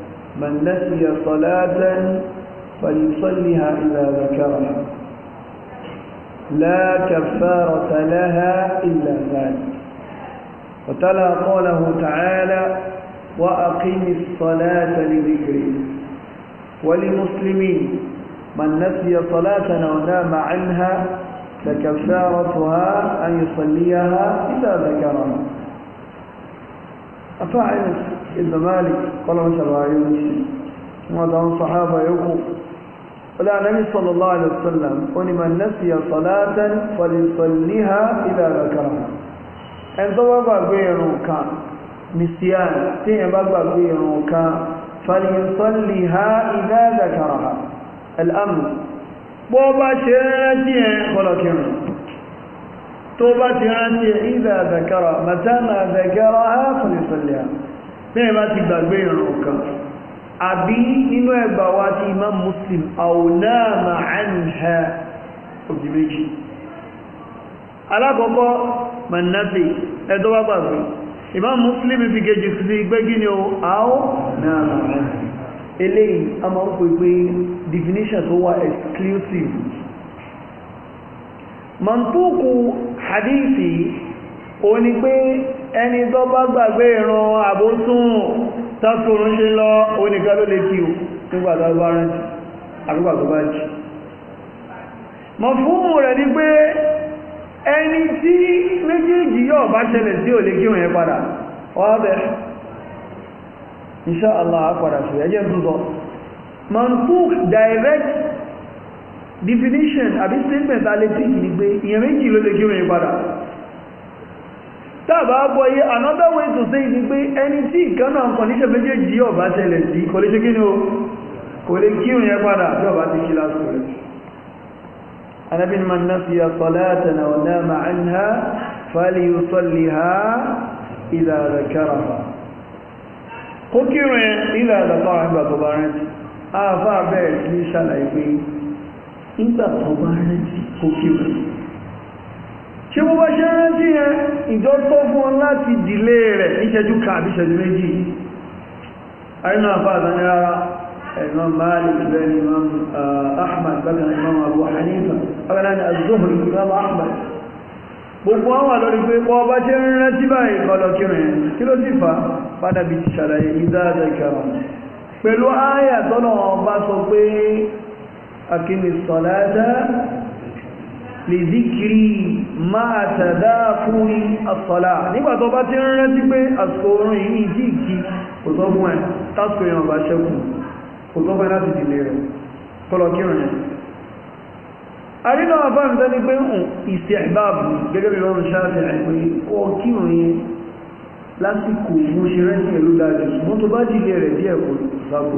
من نسي صلاة فليصلها إذا ذكرها لا كفارة لها إلا ذلك وتلا قوله تعالى وأقم الصلاة لذكري ولمسلمين من نسي صلاة ونام عنها فكفارتها أن يصليها إذا ذكرها أطاع أنس ابن مالك قال ما شبع يونس وضعوا صحابة يقول ولا النبي صلى الله عليه وسلم من نسي صلاة فليصليها إذا ذكرها ẹn tó bá gbàgbé irun kan nìsíàn tí ẹ bá gbàgbé irun kan fàlìsọ́lì ha ìdá zakara al'amu bó bá ṣe rántí ẹ kọlọ̀kìrùn tó bá ti rántí ìdá àzàkára màtánà àzàkára áfìlìsọ̀lẹ̀ bẹ́ẹ̀ bá ti gbàgbé ìrùn kan àbí nínú ẹgbà wá tí imam muslim àwònáàmà àníhà òjì méjì alákọ̀ọ́kọ́ mannafi ẹ̀dọ́ wá gbàgbé imam muslim fi kejì sí gbẹ́gí ni ó àwònáàmà àníhà definition mọ̀túkù hadithi o ni pé ẹni tó bá gbàgbé ìran àbótún tásòrún ṣe lọ oníkà ló lè kí o nígbàtà bá rántí àgbàgbà bá jì mọ̀ fún rẹ̀ ni pé ẹni tí méjèèjì yóò bá ṣẹlẹ̀ sí ò lè kí òun yẹn padà ọ́bẹ̀ insha Allah padà sí ẹjẹ́ tó sọ mọ̀túkù direct definition àbí statement alétíkì ni pé ìyẹn méjì ló lè kírun ìpadà tàbá bọ́yé another way to say ni pé ẹni tí ìkan náà condition méjèèjì ọ̀bá tẹ̀lẹ̀ sí kò lè ṣe kí ni o kò lè kírun yẹn padà bí ọ̀bá ti kí lásìkò rẹ̀ anabi ni man nasiya salatana wa nama anha falyusalliha idha zakaraha kó kírun yẹn idha zakaraha ìgbà tó bá rántí àfáà bẹ́ẹ̀ kí ṣàlàyé pé nígbà tó bá rántí kó kí rẹ̀ ṣé bó bá ṣe rántí yẹn ìjọ tó fún ọ láti dìlé rẹ̀ níṣẹ́jú kan àbí ìṣẹ́jú méjì àrínà àfáàdá ní rárá ẹ̀nà Malik bẹ́ẹ̀ni Imam ah, Ahmad bákan Imam Abu Hanifa bákan náà ni az-Zuhri Imam Ahmad gbogbo àwọn àlọ́rí pé pọ́ ọba ṣe ń rántí báyìí kọlọ kí ló sì fà padà ti ṣàlàyé ìdáadáa ìkàrà pẹ̀lú ááyà ọba sọ pé أقم الصلاة lidhikri máa tàdáàfúrí àsọ̀lá nígbà tó bá ti ń rántí pé àsìkò orin yìí jí ìkí kò tọ́ fún ẹ̀ tásìkò ìrìn ọ̀bá ṣẹ́kù kò tọ́ fún ẹ láti dìlé rẹ̀ kọlọ kírùn yẹn àrínà àbáyìn tó ní pé ìsẹ̀ ìbáàbù gẹ́gẹ́ bí wọ́n ṣáàfẹ́ àìpé kọ kírùn yẹn lásìkò mú ṣe rántí ẹ̀lú dájú mọ́tò bá dìlé rẹ̀ díẹ̀ kò sábò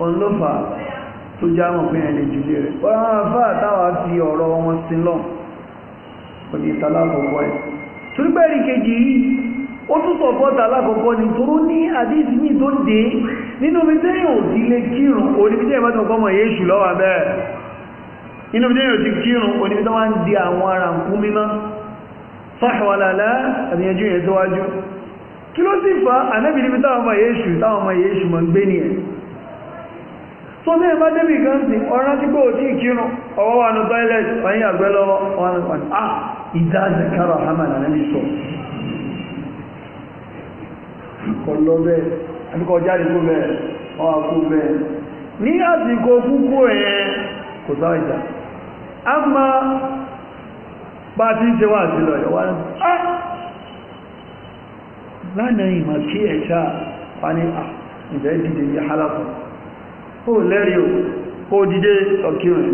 òun ló fà á tó já mọ̀ pé ẹ̀lẹ́ jùlé rẹ̀ wọ́n máa fà á táwa fi ọ̀rọ̀ wọn sí lọ òdì ìtàlákọ̀ọ́kọ́ ẹ̀ torípẹ́ẹ̀rì kejì yìí ó tún sọ̀pọ̀tà alákọ̀ọ́kọ́ ni tó ní àdíjì ní tó dé nínú bí tẹ́yìn ò ti lè kírun oníbíjẹ́ ìbátan ọkọ̀ mọ̀ yéṣù lọ́wà bẹ́ẹ̀ nínú bí tó lè bá débì gan sí ọ̀rán tí kò tí ọwọ́ wà ní toilet ọ̀yìn àgbẹ́ lọ́wọ́ ah ìdájẹ̀ kára hamad ànábì sọ kọ lọ bẹ́ẹ̀ àbíkọ jáde kó bẹ́ẹ̀ ọwà kó bẹ́ẹ̀ ní àsìkò kúkú ẹ̀ kò sáwà ìjà a ma bá ti ń ṣe sí lọ ìwà ah lánàá ìmọ̀ kí ó lẹ́rí o kó dìde ọkìrìn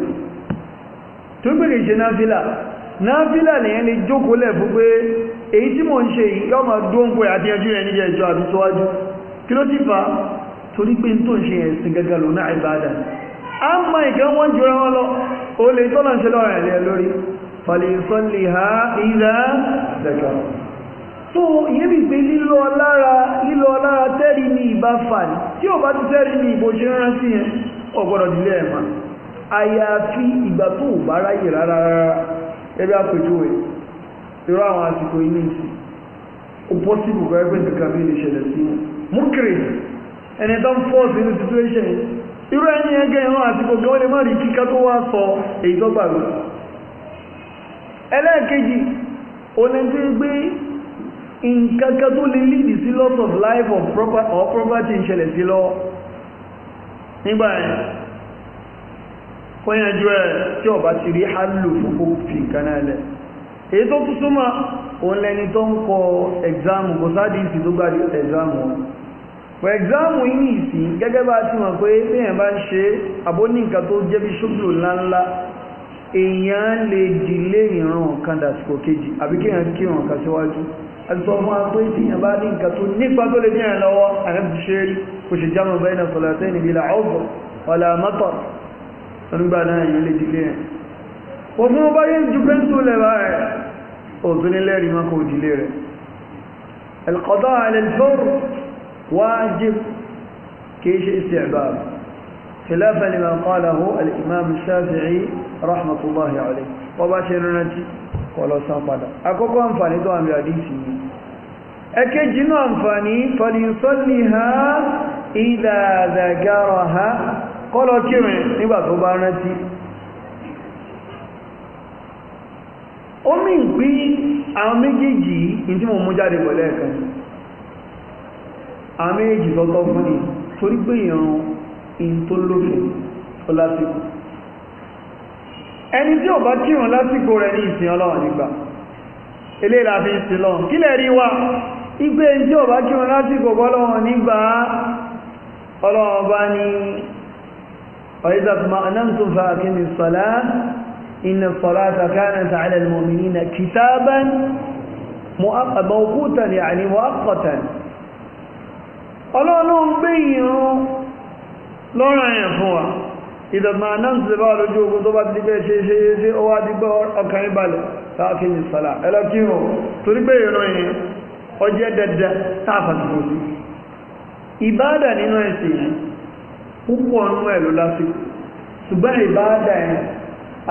tó gbèrè ṣe navila na ya ni jókòólẹ̀ fún pé èyí tí mo ń ṣe yọ́ ati dóńgbò rẹ̀ níjẹ́ ìjọ àbí tọ́wájú ti fa torí pé tó ń ṣe ẹ̀sìn gẹ́gẹ́ lò náà ìbádà a ma o ọrịa ha lilo ní tí ò bá ti fẹ́ rí ní ìbò ṣe rán sí yẹn ọ̀gbọ́dọ̀ nílé ẹ̀mà fi ìgbà tó bá ráyè rárá ẹbí àpèjúwe àwọn àsìkò ìsìn ó bọ́ sí ẹgbẹ́ nìkan bí lè sí wọn mú kiri ẹni tó ń fọ́ sí inú situation irú ẹni àsìkò lè má rí tó wá sọ èyí tó ẹlẹ́ẹ̀kejì gbé nǹkan kan tó lè lead sí loss of life of property or property ń ṣẹlẹ̀ sí lọ nígbà yẹn kọ́yànjú ẹ̀ ọba ti rí hálù fún fi nǹkan náà èyí tó tún súnmọ́ òun lẹni tó ń kọ ẹ̀gzáàmù kò sáàdì ìsìn tó gbájú ẹ̀gzáàmù wọn pẹ̀ ẹ̀gzáàmù yìí ìsìn gẹ́gẹ́ bá ti mọ̀ pé èèyàn bá ń ṣe àbó ní nǹkan tó jẹ́ bí ńláńlá èèyàn lè dìlé ìran kan dàsìkò kejì àbí kéèyàn الفهم أعطيتي أبادين كتنك فأقول لي أنا لو أحب الشيء كش الجمع بين صلاتين بلا عذر ولا مطر فنبانا يلي تكين ومو باين جبن سولة باية أذن الله لما كوج ليره القضاء على الفور واجب كيش استعباب خلافا لما قاله الإمام الشافعي رحمة الله عليه وباشرنا kọlọ̀sán padà akọ́kọ́ àǹfààní tó àmì àdísì ni ẹkẹ́jì náà àǹfààní fọlìsọ́lì ha ha kọlọ̀ nígbà tó bá rántí ó mì ń pí àwọn méjèèjì in tí mo mú jáde pẹ̀lẹ́ ẹ̀kan àwọn tọ́tọ́ fún ni torí pé ẹni tí ò bá kírun lásìkò rẹ̀ ní ìsìn ọlọ́run nígbà ilé ìlàfi ìsìn lọ kí lẹ̀ rí wa igbe ẹni tí ò bá kírun lásìkò ọlọ́run nígbà ọlọ́run bá ní ọ̀yẹ́sàtùmọ̀ anáǹtùfà akínní sọ̀lá inna salata kanat ala almu'minina ìdọ̀mà náà ti bá lójú ogun tó bá ti pé ṣe ṣe ṣe ó wá dígbọ́ ọkàn ìbalẹ̀ sáàkì ìsàlá ẹlọ́kírùn torí pé ìran yẹn ọjẹ́ dẹ̀dẹ̀ tààfàtìkò sí ìbáàdà nínú ẹ̀sìn yẹn púpọ̀ nínú ẹ̀ ló lásìkò ṣùgbọ́n ìbáàdà yẹn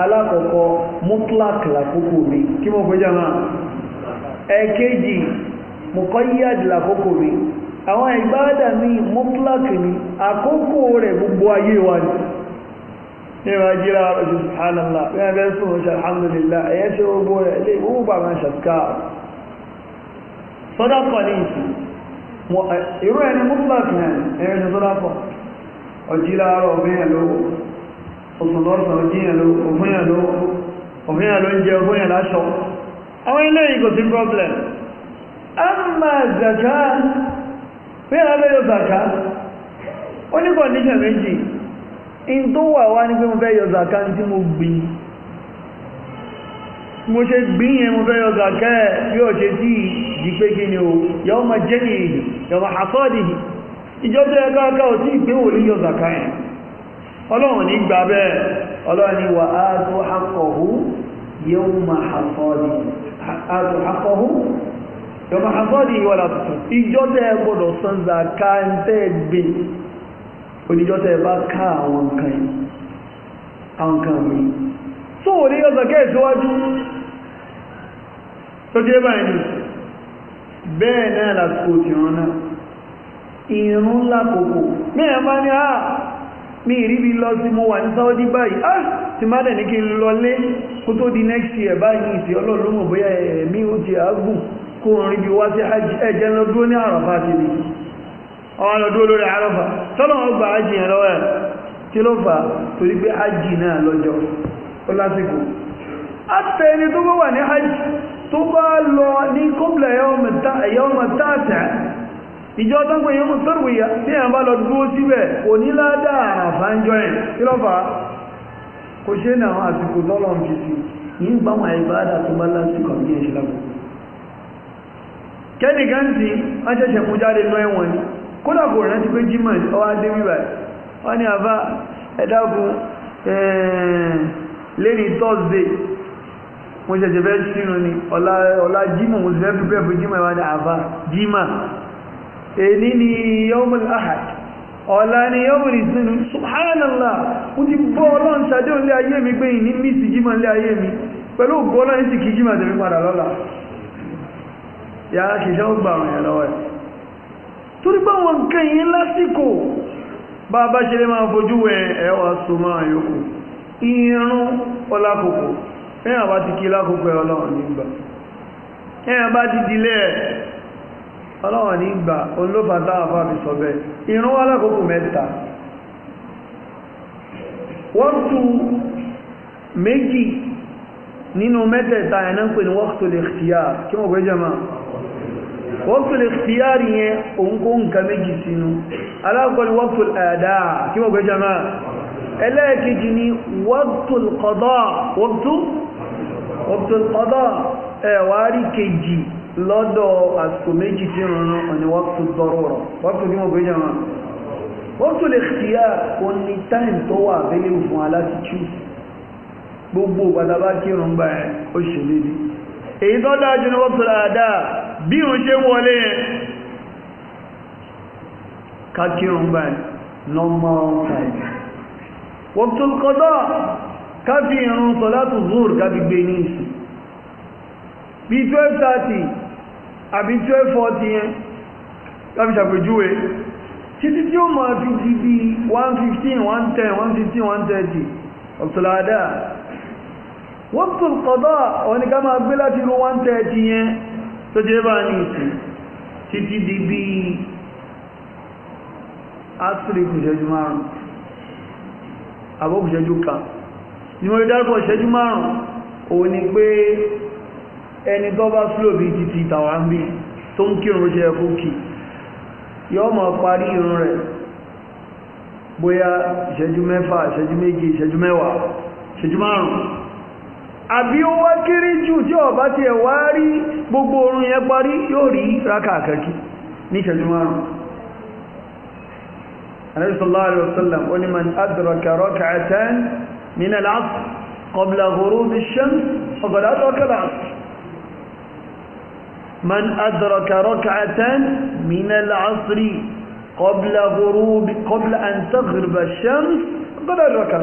alákọ̀ọ́kọ́ mutlak lákòókò mi kí mo fẹ́jà máa ẹ̀kejì muqayyad lákòókò àwọn ìbáàdà mi mutlak ni àkókò rẹ̀ gbogbo ayé wa ni ma jira wa ɗauki subhanallah ya bai sun wuce alhamdulillah a yace wa goya ile mu ba ma shakka sadaqa ne su irú ẹni mútlá fi hàn ẹ̀rẹ́ ṣe sọ́dápọ̀ ọjílá ara òfin ló òsùnlọ́sàn òjíyàn ló òfin ló ń jẹ òfin láṣọ àwọn ilé ìgò sí problem amma zaka pé abẹ́yọ zaka ó ní condition méjì in tó wà wá ní pé mo fẹ́ yọ zaka tí mo gbìn mo ṣe gbìn yẹn mo fẹ́ yọ zaka bí ṣe tí ìdí pé kí ni o yọ ma jẹ́ ní èdè yọ ma àsọ́dì ìjọ tó yẹ káàkà ò tí ìpé wò ní yọ zaka yẹn ọlọ́run ní gbà bẹ́ẹ̀ ọlọ́run ni wà á tó oníjọ́ tẹ́ bá ká àwọn nǹkan yìí àwọn nǹkan mi tó wò ní ọ̀sọ̀kẹ́ ìsíwájú tó jẹ́ báyìí bẹ́ẹ̀ náà lásìkò tí wọ́n náà ìrún lákòókò mẹ́ẹ̀ bá ní àà ní ìrírí lọ sí mo wà ní Saudi báyìí ah ti má dẹ̀ ní kí n lọlé kó tó di next year báyìí ìsì ọlọ́lọ́mọ̀ bóyá ẹ̀mí ó ti àágùn kó rìn bí wá sí ẹjẹ́ lọ́dún ní àràfà ti ní ọ̀rọ̀ lọ dúró lórí àrọ́fà tọ́lọ̀ ọgbà ájì lọ́wọ́ ẹ̀ kí ló fà torí pé ájì náà lọ́jọ́ ó lásìkò àtẹni tó wà ní ájì tó bá lọ ní kọ́bùlà ẹ̀yọ́mọ̀ tààtà tí wọ́n ṣẹ̀ṣẹ̀ mú jáde ni kódà kò rántí pé jímọ̀ ọwá dé wíwà wọ́n ní àbá ẹ̀dàkùn eh, lẹ́ni thursday mo ṣẹ̀ṣẹ̀ fẹ́ sínú ni ọ̀la jímọ̀ mo sì fẹ́ pípẹ́ fún jímọ̀ ìwádìí àbá jímọ̀ èní ni yọ́mùl ahad ni yọ́mùl ìsinú subhanallah mo ti bọ́ ọlọ́run mi pé ìní mí sí jímọ̀ ilé mi pẹ̀lú ògbọ́ ọlọ́run sì kí jímọ̀ tẹ̀mí padà lọ́la yàrá kìí ṣe ó gbà àwọn èèyàn ẹ̀ torí pé àwọn nǹkan yìí lásìkò bá bá ṣe lè máa fojú wẹ ẹwà so máa yòókù irun ọlákòókò ẹ̀yàn bá ti kí lákòókò ẹ̀ ọlọ́run nígbà ẹ̀yàn bá ti dilẹ̀ ọlọ́run nígbà olófàtà àfàbí sọ bẹ́ẹ̀ irun ọlákòókò mẹ́ta wọ́pù méjì waqtul ikhtiyar yẹn òun kó nǹkan méjì sínú alákọ̀ọ́lù waqtul ada kí wọ́n gbẹ́jọ́ máa ẹlẹ́ẹ̀kejì ni waqtul qada waqtul qada ẹ̀wárí kejì lọ́dọ̀ àsìkò méjì tí rọrùn ọ̀nà waqtul darura waqtul kí wọ́n gbẹ́jọ́ máa waqtul ikhtiyar òun ni táìm tó wà abẹ́lẹ̀ fún èyí tó dájú ní wọ́pùtù àdá bí o ṣe wọlé yẹn kákírùn báyìí normal time wọ́pùtù kọ́dọ̀ káfí ìrun sọ́látù 12:30 àbí 12:40 yẹn káfí ṣàpèjúwe títí tí ó máa fi di bí 115 110 115 130 ọ̀pùtù àdá wọ́n tún kọ́dọ̀ òní ká máa gbé láti irú 130 yẹn tó jẹ́ bá ní ìsìn títí di bí ásírí kùsẹ̀jú márùn àbọ̀ kùsẹ̀jú ká ni wọ́n dárúkọ ìṣẹ́jú márùn òun ni pé ẹni tó bá slow rẹ̀ bóyá ìṣẹ́jú mẹ́fà ìṣẹ́jú méje ìṣẹ́jú mẹ́wàá ìṣẹ́jú márùn-ún àbí ó wá kéré jù tí ọ̀bá ti ẹ̀ wá rí gbogbo orun yẹn parí yóò rí rákàkàkì ní ìṣẹ́jú márùn Ànábì sallallahu alaihi wasallam ó ní man adraka rak'atan min al-'asr qabla ghurub ash-shams faqad adraka al-'asr man adraka rak'atan min al-'asr qabla ghurub qabla an taghrib ash-shams faqad adraka al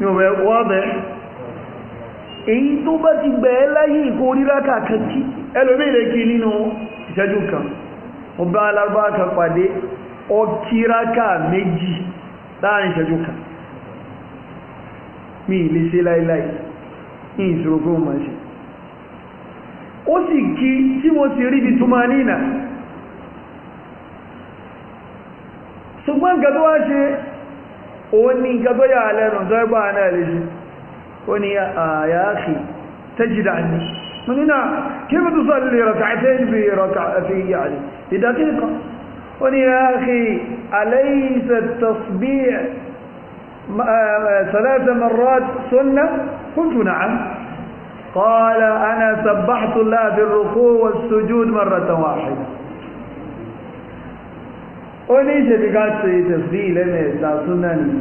ní ọ̀rẹ́ wọ́bẹ̀ èyí tó bá ti gbẹ̀ ẹ́ láyé ìkó oríláka kàkí ẹlòmí ìrẹ́kì nínú ìṣẹ́jú kan ọba alárúbáka pàdé ọkíráka méjì láàrin ìṣẹ́jú kan mi lè ṣe láíláì ní ìṣòro pé ó máa ṣe ó sì kí tí mo ti rí ibi وني كذا يا له ضرب انا له وني يا اخي تجد عني من هنا كيف تصلي ركعتين في ركعه في يعني في دقيقة وني يا أخي أليس التصبيح ثلاث مرات سنة قلت نعم قال أنا سبحت الله بالركوع والسجود مرة واحدة ó ní ìṣètì ká ṣe ìtẹ̀sí ìlẹ́nà ẹ̀ta súnà ni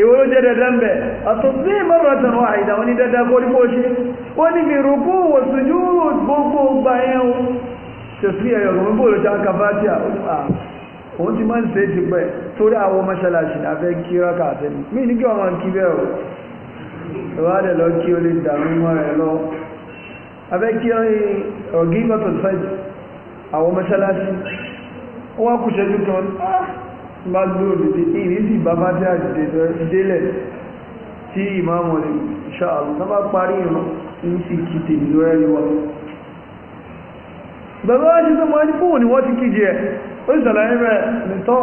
ìwé ó jẹ́ dandan bẹ̀ ọ̀tọ̀ sí ìmọ̀rọ̀tàn wà ìdá wọn ní dandan kó ní bó ṣe ó ní bí rúkú wò sùjú gbogbo gba yẹn o tẹ̀sí ẹ̀yọ̀ ló ń bò ló ta kàfáàtì òun ti máa ń ṣe é ti pẹ́ torí àwọn mọ́ṣáláṣí náà fẹ́ kí rákà àtẹ́ni mí ní kí wọ́n máa kí bẹ́ẹ̀ o ìwádẹ̀ lọ kí o lè dàmú mọ́ rẹ̀ lọ abẹ́ kí ọ̀gí gbọ́tọ̀ fẹ́ àwọn mọ́ṣáláṣí wọ́n kù ṣẹ́jú kan ah, bá gbé òdìdí ìrìn sì bá jẹ́ àdìdè ìdélẹ̀ tí ìmáàmù rẹ̀ ṣáàlù tó bá parí ìrìn ń sì kí tèmi ndọrọ ẹ̀rí bàbá tó máa wọ́n ti ẹ̀ ó sì sàlàyé rẹ̀ nìtọ́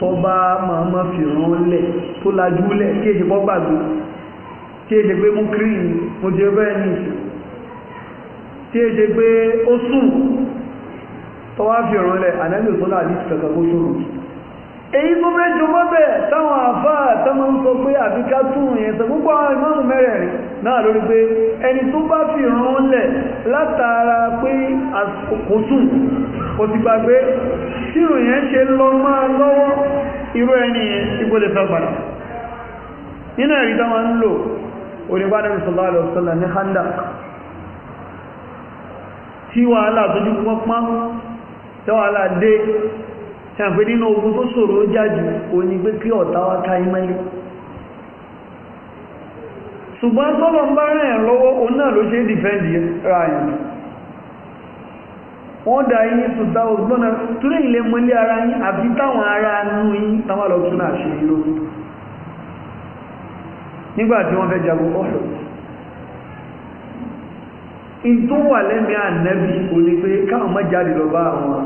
tó bá màmá fi ràn lẹ̀ tó lajú lẹ̀ kí èsì pọ́ gbàgbé kí èsì pé mú kírì mo jẹ bẹ́ẹ̀ ní ìsìn kí èsì pé ó sùn tó wá fi ràn lẹ̀ ànẹ́lẹ̀ tó láàdí kankan kó ṣòro èyí tó fẹ́ jọmọ́ bẹ̀ táwọn àfá àtọ́mọ́ ń sọ pé àbíká tún yẹn sọ púpọ̀ àwọn ìmáàmù mẹ́rẹ̀ẹ̀rin náà lórí pé ẹni tó bá fi ràn lẹ̀ látara pé kò sùn kò ti gbàgbé tírùn yẹn ṣe lọ máa lọ́wọ́ irú ẹni ìgbólẹ̀ fẹ́ padà nínú ẹ̀rí táwọn ń lò ní tí wàhálà tó ṣàǹfẹ́ nínú ogun tó ṣòro jáde o ní pé kí ọ̀tá wá ká imẹ́lé ṣùgbọ́n tọ́lọ ń bá rẹ̀ lọ́wọ́ o náà ló ṣe dìfẹ́ndì ra yìí wọ́n dá yí tuta ògbọ́nà túnlẹ̀ ilẹ̀ mọ́lé ara yín àbí táwọn ara nú yí táwọn lọ tún àṣẹ Nígbà tí wọ́n fẹ́ jagun ọ̀rọ̀ in tó wà lẹ́mìí ànẹ́bí kò pé káwọn má jáde lọ bá àwọn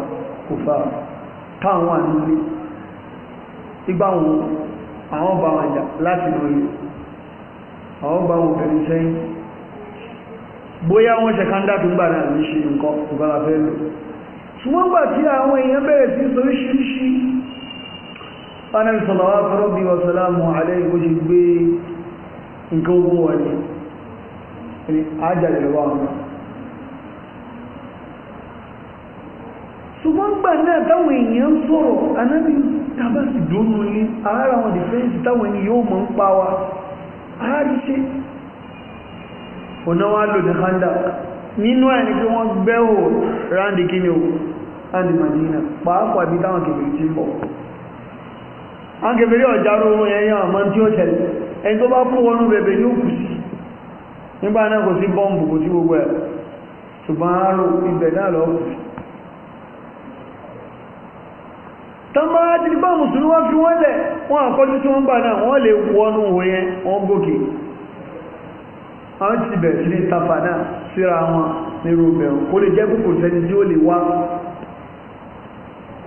kò fáwọn táwọn ànílé igbá wọn àwọn bá wọn jà láti lórí àwọn bá wọn bẹ̀rẹ̀ sẹ́yìn bóyá wọ́n ṣe káńdà tó gbà náà ní ṣe nǹkan ìgbàlá fẹ́ lò ṣùgbọ́n gbà tí àwọn èèyàn bẹ̀rẹ̀ sí oríṣiríṣi ọ̀nà ìsọ̀lọ́wà fọ́rọ́bí wàsálàmù alẹ́ ìkó ṣe gbé nǹkan ogun wọlé àjàlẹ̀ lọ́wọ́ ṣùgbọ́n gbà náà táwọn èèyàn ń sọ̀rọ̀ anábì tàbá sì dónú ilé ara wọn dìfẹ́ǹsì táwọn ẹni yóò mọ̀ ń pa wa aráàlú ṣe ọ̀nà wa lò ní handak nínú ẹ̀ ni pé wọ́n gbẹ́wò ráńdì kí o ráńdì Madina pàápàá bí táwọn kèbèrè ti ń bọ̀ àwọn kèbèrè ọ̀járó ẹyẹ àmọ́ tí ó tẹ̀lé ẹni tó bá kú wọnú bẹ̀bẹ̀ yóò kù tọ́mọ́ ti ní bá mùsùlùmí wọ́n fi wọ́n lẹ̀ wọ́n àkọ́jú tí wọ́n gbà náà wọ́n lè wọnú òyẹn wọ́n gòkè àwọn ti bẹ̀rẹ̀ sí ní tafà náà síra wọn ní rúbẹ̀rún kó lè jẹ́ kòkò sẹ́ni tí ó lè wá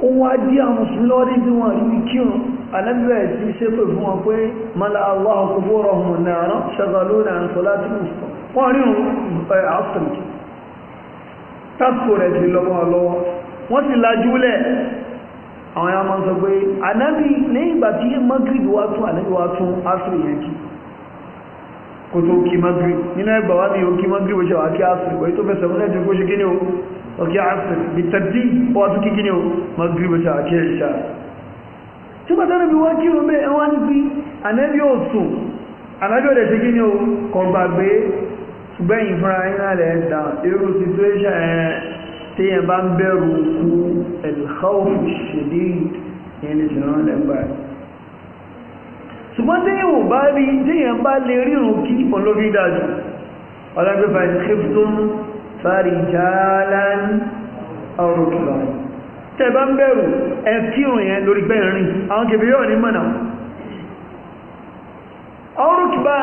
ó wá dí àwọn mùsùlùmí lọ́wọ́ dé bí wọ́n rí kírun alábẹ̀rẹ̀ sí ṣe pé fún wọn pé mọ́lá àwọn akọ̀bọ̀rọ̀ ọ̀hún náà ṣàgbàló náà ń sọ lajúlẹ̀ àwọn ya máa ń sọ pé anábì ní ìgbà tí magrib wá tún anábì wá tún asiri yẹn kí kò tó kí magrib nínú ẹgbà wá ní o kí magrib ó ṣe wá kí asiri wọ́n tó fẹsẹ̀ múlẹ̀ jù kó ṣe kíní o ọkí asiri bí tàbí ó wá tún kí kíní o magrib ó ṣe kí ẹ̀ṣà tí bàtà níbi wá kí ròmẹ́ ẹwà ní bí anábì ó sùn anábì ó dẹ̀ ṣe kíní o kọ̀ gbàgbé ṣùgbẹ́yìn fúnra yín náà lẹ̀ irú situation ẹ̀ téèyàn bá ń bẹ̀rù kú ẹ̀lẹ́kọ́ọ̀fù ṣèlú yẹn ní ṣìnà lẹ́gbà rẹ̀ ṣùgbọ́n téèyàn ò bá rí téèyàn bá lè rírun kí olóbi dájú ọlágbèfà ìṣẹ́fún fàríjàálán ọrùkìlá tẹ́ bá ń bẹ̀rù ẹ kírun yẹn lórí bẹ́ẹ̀ rìn àwọn kèbè yóò ní mọ̀nà ọrùkìlá